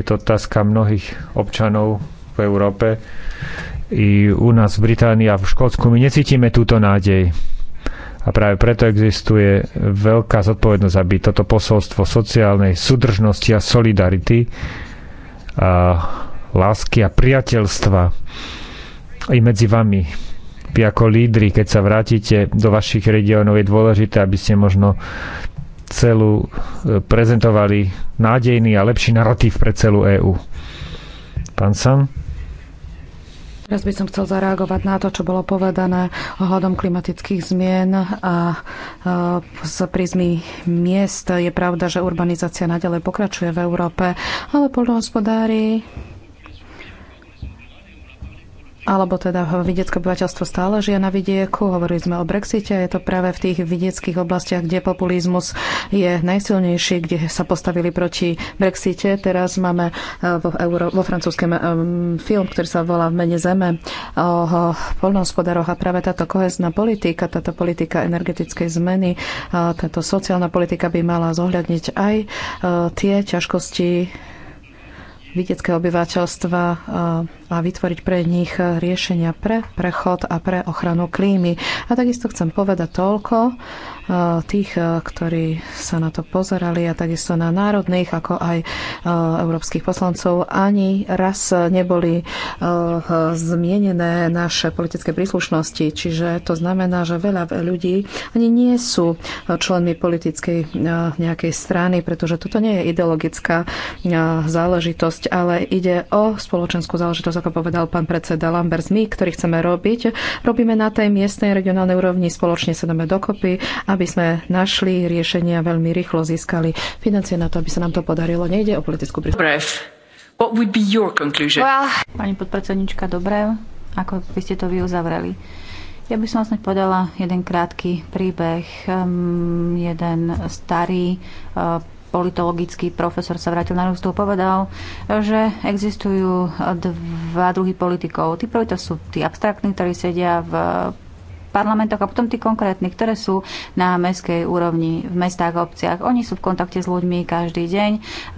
je to otázka mnohých občanov v Európe. I u nás v Británii a v Škótsku my necítime túto nádej a práve preto existuje veľká zodpovednosť, aby toto posolstvo sociálnej súdržnosti a solidarity a lásky a priateľstva i medzi vami. Vy ako lídry, keď sa vrátite do vašich regiónov, je dôležité, aby ste možno celú e, prezentovali nádejný a lepší narratív pre celú EÚ. Pán San? Teraz by som chcel zareagovať na to, čo bolo povedané ohľadom klimatických zmien a e, z prízmy miest je pravda, že urbanizácia nadalej pokračuje v Európe, ale poľnohospodári alebo teda vidiecké obyvateľstvo stále žije na vidieku. Hovorili sme o Brexite, je to práve v tých vidieckých oblastiach, kde populizmus je najsilnejší, kde sa postavili proti Brexite. Teraz máme e, vo, Euro, vo francúzskom e, film, ktorý sa volá V mene zeme o poľnohospodároch a práve táto kohezná politika, táto politika energetickej zmeny, e, táto sociálna politika by mala zohľadniť aj tie ťažkosti vidieckého obyvateľstva a vytvoriť pre nich riešenia pre prechod a pre ochranu klímy. A takisto chcem povedať toľko e, tých, e, ktorí sa na to pozerali a takisto na národných, ako aj e, európskych poslancov, ani raz neboli zmienené naše politické príslušnosti. Čiže to znamená, že veľa ľudí ani nie sú členmi politickej nejakej strany, pretože toto nie je ideologická záležitosť, ale ide o spoločenskú záležitosť ako povedal pán predseda Lambert, my, ktorí chceme robiť, robíme na tej miestnej regionálnej úrovni, spoločne sa dáme dokopy, aby sme našli riešenia veľmi rýchlo, získali financie na to, aby sa nám to podarilo. Nejde o politickú príležitosť. Well... Pani podpredsednička, dobré, ako by ste to vy uzavreli? Ja by som vlastne povedala jeden krátky príbeh. Um, jeden starý uh, politologický profesor sa vrátil na Rusko, povedal, že existujú dva druhy politikov. Tí prví to sú tí abstraktní, ktorí sedia v parlamentoch a potom tí konkrétni, ktoré sú na mestskej úrovni, v mestách a obciach. Oni sú v kontakte s ľuďmi každý deň,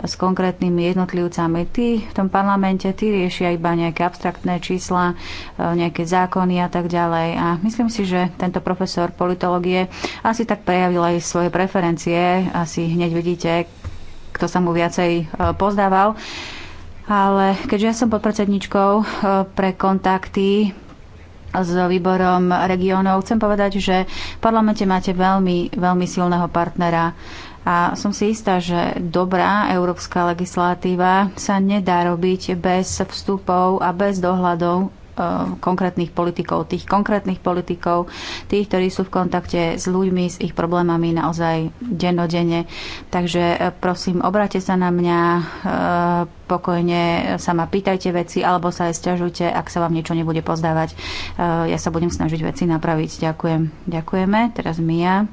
s konkrétnymi jednotlivcami. Tí v tom parlamente, tí riešia iba nejaké abstraktné čísla, e, nejaké zákony a tak ďalej. A myslím si, že tento profesor politológie asi tak prejavil aj svoje preferencie. Asi hneď vidíte, kto sa mu viacej e, pozdával. Ale keďže ja som podpredsedničkou e, pre kontakty s výborom regiónov. Chcem povedať, že v parlamente máte veľmi, veľmi silného partnera. A som si istá, že dobrá európska legislatíva sa nedá robiť bez vstupov a bez dohľadov Eh, konkrétnych politikov, tých konkrétnych politikov, tých, ktorí sú v kontakte s ľuďmi, s ich problémami naozaj dennodenne. Takže eh, prosím, obráte sa na mňa, eh, pokojne sa ma pýtajte veci alebo sa aj stiažujte, ak sa vám niečo nebude pozdávať. Ja sa budem snažiť veci napraviť. Ďakujem. Ďakujeme. Teraz Mia.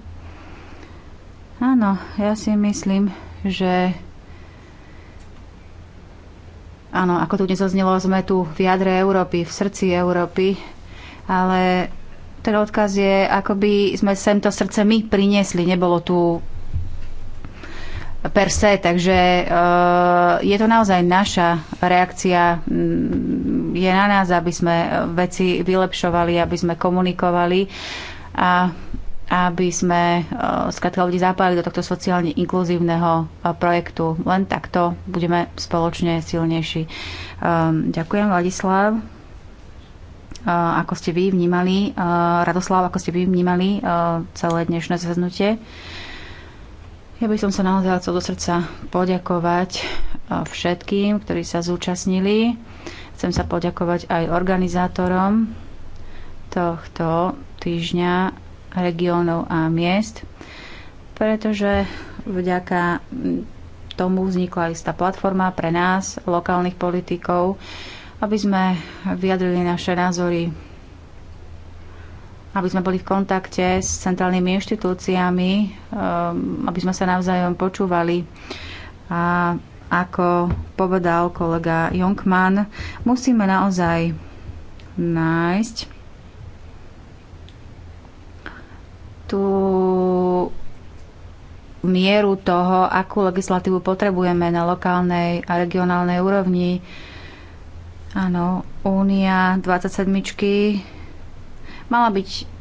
Áno, ja si myslím, že Áno, ako tu dnes zaznelo, sme tu v jadre Európy, v srdci Európy, ale ten odkaz je, ako by sme sem to srdce my priniesli, nebolo tu per se, takže eh, je to naozaj naša reakcia, mm, je na nás, aby sme eh, veci vylepšovali, aby sme komunikovali a aby sme eh, skrátka ľudí zapájali do tohto sociálne inkluzívneho eh, projektu. Len takto budeme spoločne silnejší. Ehm, ďakujem, Vladislav. Eh, ako ste vy vnímali, Radoslav, ako ste vy vnímali celé dnešné zhrnutie? Ja by som sa naozaj chcel do srdca poďakovať všetkým, ktorí sa zúčastnili. Chcem sa poďakovať aj organizátorom tohto týždňa regiónov a miest, pretože vďaka tomu vznikla istá platforma pre nás, lokálnych politikov, aby sme vyjadrili naše názory, aby sme boli v kontakte s centrálnymi inštitúciami, ehm, aby sme sa navzájom počúvali. A ako povedal kolega Jonkman, musíme naozaj nájsť tú mieru toho, akú legislatívu potrebujeme na lokálnej a regionálnej úrovni. Áno, Únia 27 mala byť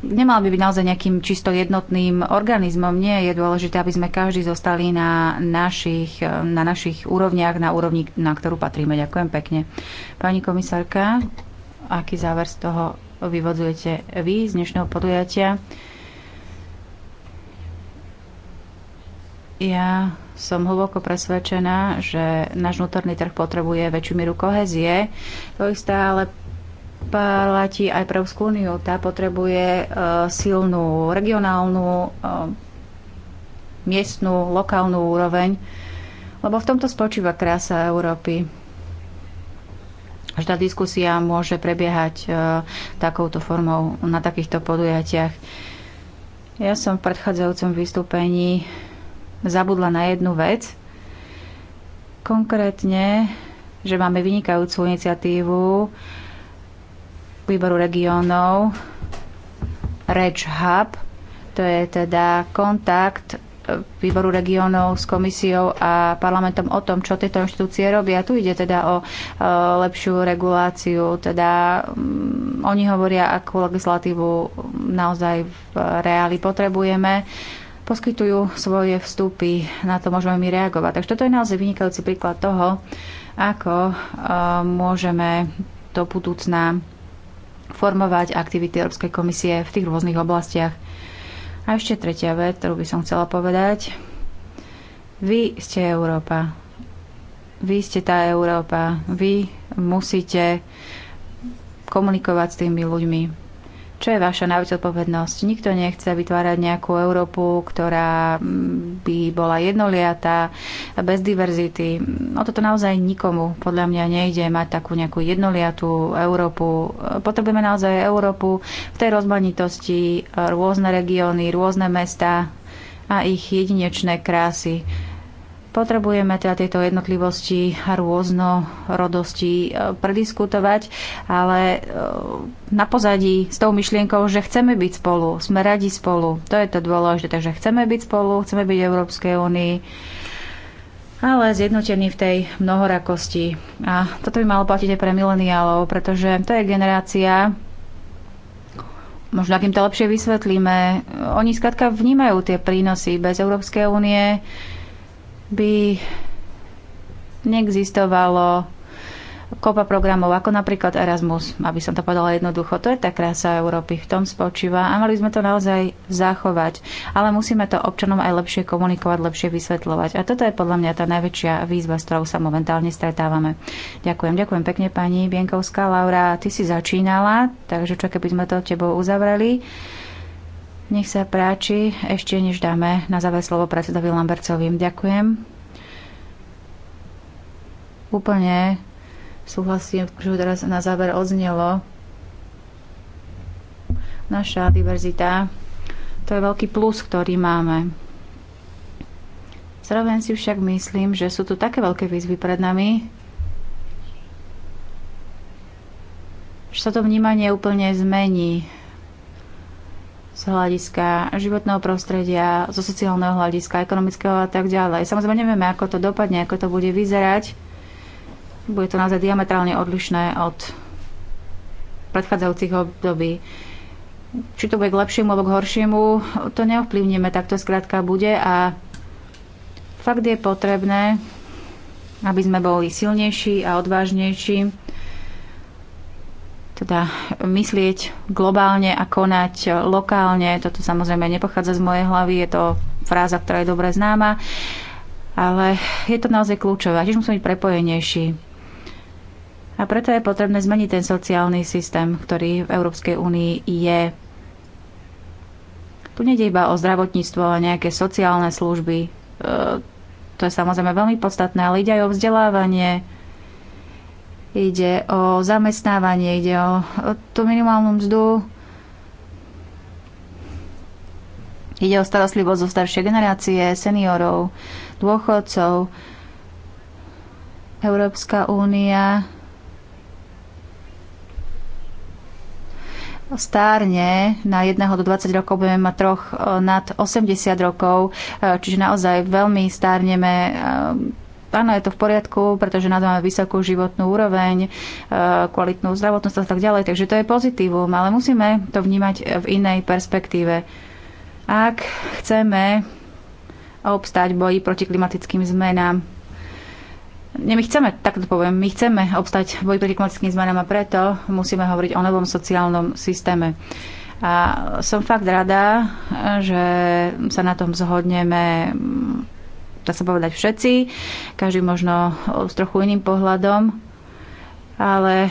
nemala by byť naozaj nejakým čisto jednotným organizmom. Nie je dôležité, aby sme každý zostali na našich, na našich úrovniach, na úrovni, na ktorú patríme. Ďakujem pekne. Pani komisárka, aký záver z toho vyvodzujete vy z dnešného podujatia. Ja som hlboko presvedčená, že náš vnútorný trh potrebuje väčšiu mieru kohezie. To isté ale platí aj pre Európsku úniu. Tá potrebuje uh, silnú regionálnu, uh, miestnú, lokálnu úroveň, lebo v tomto spočíva krása Európy Každá diskusia môže prebiehať e, takouto formou na takýchto podujatiach. Ja som v predchádzajúcom vystúpení zabudla na jednu vec. Konkrétne, že máme vynikajúcu iniciatívu výboru regiónov Reč Hub, to je teda kontakt výboru regiónov s komisiou a parlamentom o tom, čo tieto inštitúcie robia. Tu ide teda o e, lepšiu reguláciu. Teda mm, oni hovoria, akú legislatívu naozaj v reáli potrebujeme poskytujú svoje vstupy, na to môžeme my reagovať. Takže toto je naozaj vynikajúci príklad toho, ako e, môžeme do budúcna formovať aktivity Európskej komisie v tých rôznych oblastiach. A ešte tretia vec, ktorú by som chcela povedať. Vy ste Európa. Vy ste tá Európa. Vy musíte komunikovať s tými ľuďmi čo je vaša najväčšia odpovednosť. Nikto nechce vytvárať nejakú Európu, ktorá mm, by bola jednoliatá, bez diverzity. O toto naozaj nikomu podľa mňa nejde mať takú nejakú jednoliatú Európu. Potrebujeme naozaj Európu v tej rozmanitosti, rôzne regióny, rôzne mesta a ich jedinečné krásy Potrebujeme teda tieto jednotlivosti a rôznorodosti e, prediskutovať, ale e, na pozadí s tou myšlienkou, že chceme byť spolu, sme radi spolu, to je to dôležité, takže chceme byť spolu, chceme byť v Európskej únii, ale zjednotení v tej mnohorakosti. A toto by malo platiť aj pre mileniálov, pretože to je generácia, možno akým to lepšie vysvetlíme, oni skladka vnímajú tie prínosy bez Európskej únie, by neexistovalo kopa programov, ako napríklad Erasmus, aby som to povedala jednoducho. To je tá krása Európy, v tom spočíva a mali sme to naozaj zachovať. Ale musíme to občanom aj lepšie komunikovať, lepšie vysvetľovať. A toto je podľa mňa tá najväčšia výzva, s ktorou sa momentálne stretávame. Ďakujem, ďakujem pekne pani Bienkovská. Laura, ty si začínala, takže čo keby sme to tebou uzavreli. Nech sa práči, ešte než dáme na záver slovo predsedovi Lambercovi. Ďakujem. Úplne súhlasím, že teraz na záver odznelo. Naša diverzita, to je veľký plus, ktorý máme. Zároveň si však myslím, že sú tu také veľké výzvy pred nami, že sa to vnímanie úplne zmení z hľadiska životného prostredia, zo sociálneho hľadiska, ekonomického a tak ďalej. Samozrejme nevieme, ako to dopadne, ako to bude vyzerať. Bude to naozaj diametrálne odlišné od predchádzajúcich období. Či to bude k lepšiemu alebo k horšiemu, to neovplyvníme, tak to skrátka bude a fakt je potrebné, aby sme boli silnejší a odvážnejší teda myslieť globálne a konať lokálne. Toto samozrejme nepochádza z mojej hlavy, je to fráza, ktorá je dobre známa, ale je to naozaj kľúčové. Tiež musíme byť prepojenejší. A preto je potrebné zmeniť ten sociálny systém, ktorý v Európskej únii je. Tu nejde iba o zdravotníctvo a nejaké sociálne služby. E, to je samozrejme veľmi podstatné, ale ide aj o vzdelávanie, ide o zamestnávanie, ide o, o tú minimálnu mzdu, ide o starostlivosť zo staršie generácie, seniorov, dôchodcov. Európska únia stárne na 1 do 20 rokov budeme mať troch eh, nad 80 rokov, eh, čiže naozaj veľmi stárneme eh, áno, je to v poriadku, pretože na to máme vysokú životnú úroveň, e, kvalitnú zdravotnosť a tak ďalej. Takže to je pozitívum, ale musíme to vnímať v inej perspektíve. Ak chceme obstať boji proti klimatickým zmenám, nie, my chceme, tak to poviem, my chceme obstať boj boji proti klimatickým zmenám a preto musíme hovoriť o novom sociálnom systéme. A som fakt rada, že sa na tom zhodneme dá sa povedať všetci, každý možno e, s trochu iným pohľadom, ale e,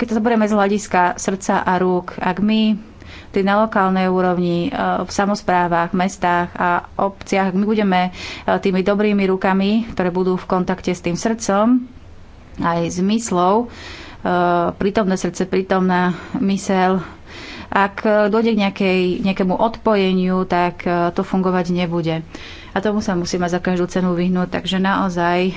keď to zoberieme z hľadiska srdca a rúk, ak my tí na lokálnej úrovni, e, v samozprávach, mestách a obciach. My budeme tými dobrými rukami, ktoré budú v kontakte s tým srdcom, aj s myslou, prítomné srdce, prítomná mysel. Ak dojde k nejakej, nejakému odpojeniu, tak to fungovať nebude a tomu sa musíme za každú cenu vyhnúť. Takže naozaj e,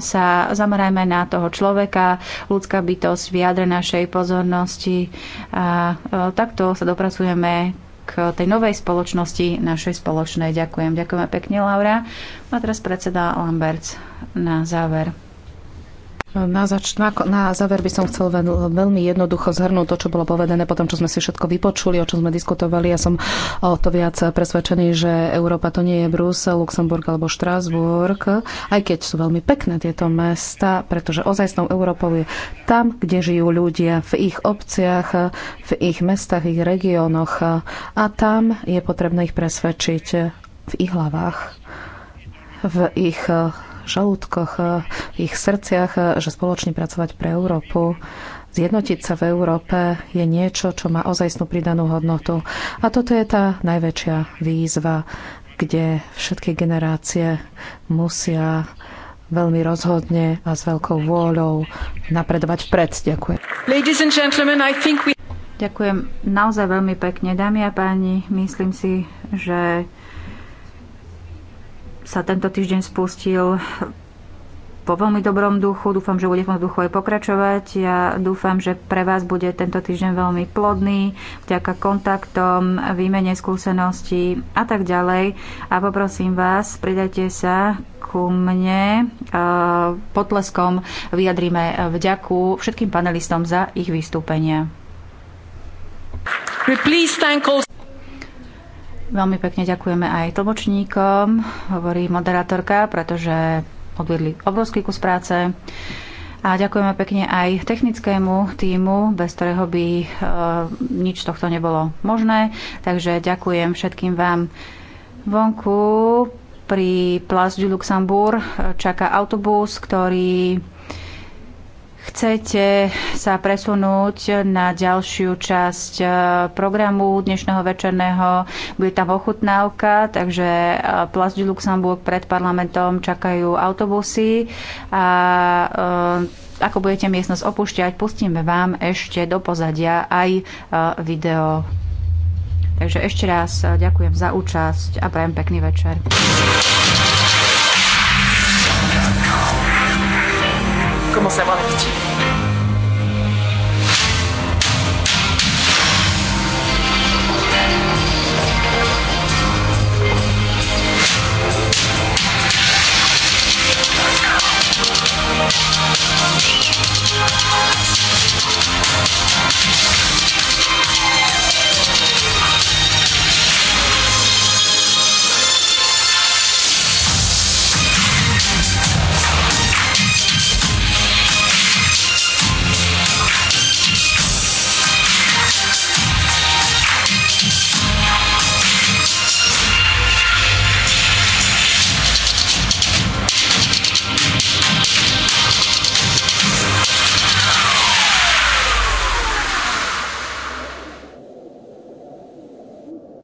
sa zamerajme na toho človeka, ľudská bytosť, vyjadre našej pozornosti a e, takto sa dopracujeme k tej novej spoločnosti, našej spoločnej. Ďakujem. Ďakujeme pekne, Laura. A teraz predseda Lamberts na záver. Na, zač- na, na záver by som chcel veľ- veľmi jednoducho zhrnúť to, čo bolo povedané potom, čo sme si všetko vypočuli, o čom sme diskutovali. Ja som o to viac presvedčený, že Európa to nie je Brusel, Luxemburg alebo Štrásburg, aj keď sú veľmi pekné tieto mesta, pretože ozajstnou Európou je tam, kde žijú ľudia, v ich obciach, v ich mestách, ich regiónoch a tam je potrebné ich presvedčiť v ich hlavách, v ich žalúdkoch, eh, v ich srdciach, eh, že spoločne pracovať pre Európu. Zjednotiť sa v Európe je niečo, čo má ozajstnú pridanú hodnotu. A toto je tá najväčšia výzva, kde všetky generácie musia veľmi rozhodne a s veľkou vôľou napredovať vpred. Ďakujem. Ladies and gentlemen, I think we... Ďakujem naozaj veľmi pekne, dámy a páni. Myslím si, že sa tento týždeň spustil po veľmi dobrom duchu. Dúfam, že bude v tom duchu aj pokračovať. Ja dúfam, že pre vás bude tento týždeň veľmi plodný, vďaka kontaktom, výmene skúseností a tak ďalej. A poprosím vás, pridajte sa ku mne. E, potleskom vyjadríme vďaku všetkým panelistom za ich vystúpenie. Veľmi pekne ďakujeme aj tlmočníkom, hovorí moderátorka, pretože odvedli obrovský kus práce. A ďakujeme pekne aj technickému týmu, bez ktorého by e, nič tohto nebolo možné. Takže ďakujem všetkým vám vonku. Pri Place du Luxembourg e, čaká autobus, ktorý chcete sa presunúť na ďalšiu časť e, programu dnešného večerného. Bude tam ochutnávka, takže e, Place du Luxembourg pred parlamentom čakajú autobusy a e, ako budete miestnosť opúšťať, pustíme vám ešte do pozadia aj video. Takže ešte raz ďakujem za účasť a prajem pekný večer. commence à avoir l'habitude.